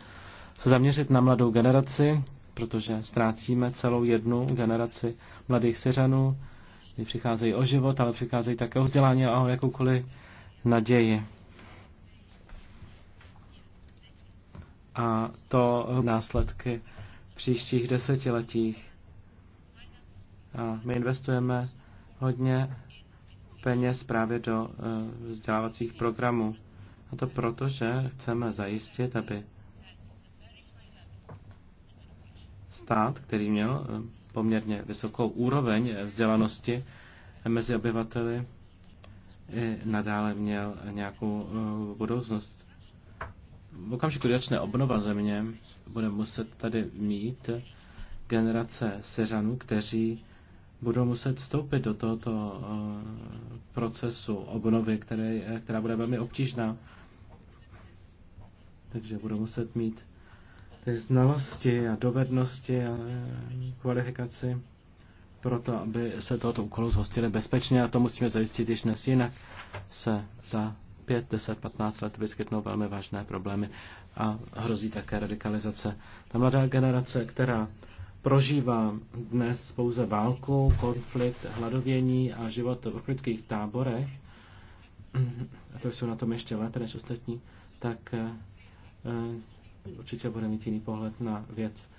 se zaměřit na mladou generaci, protože ztrácíme celou jednu generaci mladých Syřanů, kdy přicházejí o život, ale přicházejí také o vzdělání a o jakoukoliv naději. A to následky v příštích desetiletích. A my investujeme hodně peněz právě do e, vzdělávacích programů. A to proto, že chceme zajistit, aby stát, který měl eh, poměrně vysokou úroveň vzdělanosti eh, mezi obyvateli, i nadále měl nějakou eh, budoucnost. V okamžiku, kdy začne obnova země, bude muset tady mít generace seřanů, kteří budou muset vstoupit do tohoto procesu obnovy, který, která bude velmi obtížná takže budu muset mít ty znalosti a dovednosti a kvalifikaci pro to, aby se tohoto úkolu zhostili bezpečně a to musíme zajistit již dnes, jinak se za 5, 10, 15 let vyskytnou velmi vážné problémy a hrozí také radikalizace. Ta mladá generace, která prožívá dnes pouze válku, konflikt, hladovění a život v uprchlických táborech, a to jsou na tom ještě lépe než ostatní, tak eh, Eh, určitě bude mít jiný pohled na věc.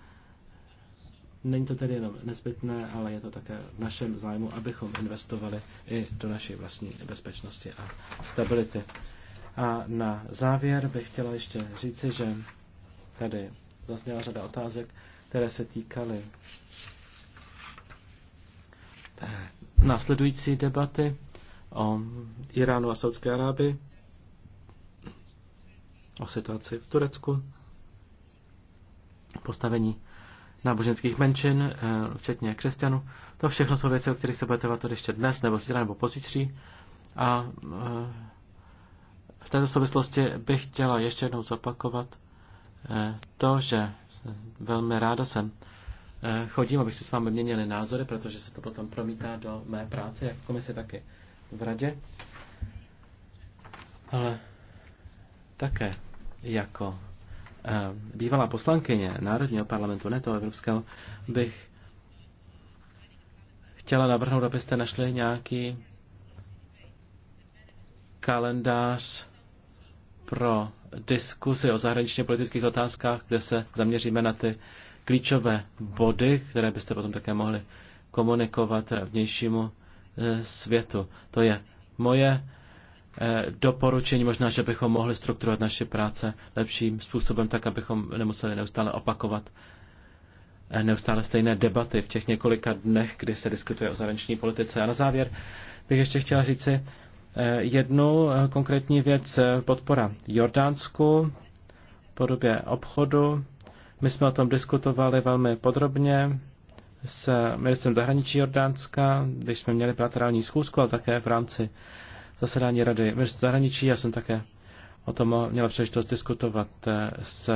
Není to tedy jenom nezbytné, ale je to také v našem zájmu, abychom investovali i do naší vlastní bezpečnosti a stability. A na závěr bych chtěla ještě říci, že tady zazněla řada otázek, které se týkaly následující debaty o Iránu a Saudské Arábii o situaci v Turecku, postavení náboženských menšin, eh, včetně křesťanů. To všechno jsou věci, o kterých se budete vatovat ještě dnes, nebo zítra, nebo pozítří. A eh, v této souvislosti bych chtěla ještě jednou zopakovat eh, to, že velmi ráda jsem chodím, abych si s vámi měnili názory, protože se to potom promítá do mé práce, jak v komisi, i v radě. Ale také jako eh, bývalá poslankyně Národního parlamentu, ne toho Evropského, bych chtěla navrhnout, abyste našli nějaký kalendář pro diskuzi o zahraničně politických otázkách, kde se zaměříme na ty klíčové body, které byste potom také mohli komunikovat vnějšímu eh, světu. To je moje Eh, doporučení, možná, že bychom mohli strukturovat naše práce lepším způsobem, tak abychom nemuseli neustále opakovat eh, neustále stejné debaty v těch několika dnech, kdy se diskutuje o zahraniční politice. A na závěr bych ještě chtěla říci eh, jednu konkrétní věc, podpora Jordánsku v podobě obchodu. My jsme o tom diskutovali velmi podrobně s ministrem zahraničí Jordánska, když jsme měli bilaterální schůzku, ale také v rámci zasedání Rady zahraničí. Já jsem také o tom měla příležitost diskutovat eh, s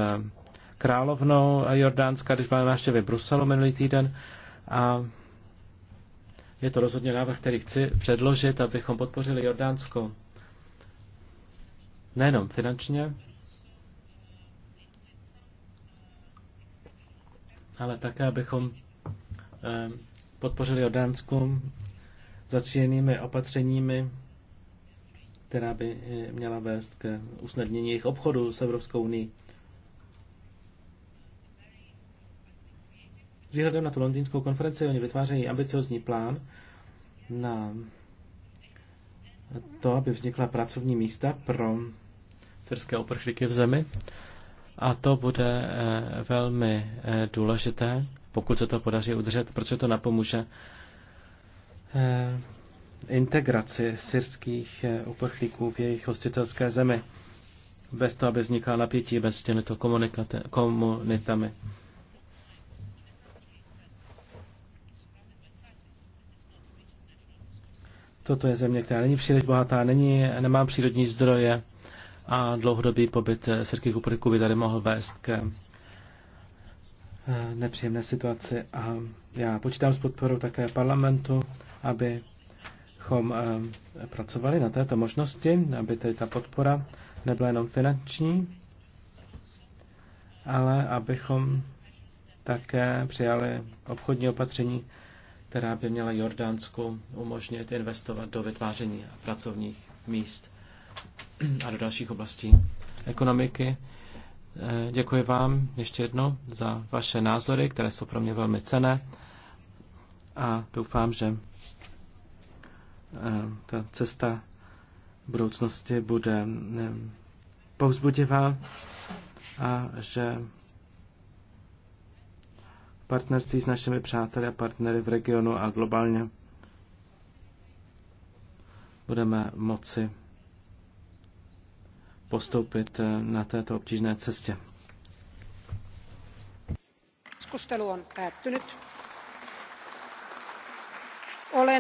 královnou Jordánska, když byla návštěvě Bruselu minulý týden. A je to rozhodně návrh, který chci předložit, abychom podpořili Jordánsko nejenom finančně, ale také, abychom eh, podpořili Jordánsku zacílenými opatřeními která by eh, měla vést k usnadnění jejich obchodu s Evropskou unii. Vzhledem na tu londýnskou konferenci oni vytvářejí ambiciozní plán na to, aby vznikla pracovní místa pro syrské oprchlíky v zemi. A to bude eh, velmi eh, důležité, pokud se to podaří udržet, protože to napomůže integraci syrských eh, uprchlíků v jejich hostitelské zemi, bez toho, aby vzniká napětí bez těmito komunitami. Toto je země, která není příliš bohatá, není, nemá přírodní zdroje a dlouhodobý pobyt eh, syrských uprchlíků by tady mohl vést k eh, nepříjemné situaci. A já počítám s podporou také parlamentu, aby abychom eh, pracovali na této možnosti, aby tedy ta podpora nebyla jenom finanční, ale abychom také přijali obchodní opatření, která by měla Jordánsku umožnit investovat do vytváření pracovních míst (clears throat) a do dalších oblastí ekonomiky. Eh, děkuji vám ještě jedno za vaše názory, které jsou pro mě velmi cené a doufám, že ta cesta v budoucnosti bude povzbudivá a že partnerství s našimi přáteli a partnery v regionu a globálně budeme moci postoupit eh, na této obtížné cestě. Keskustelu on päättynyt. Olen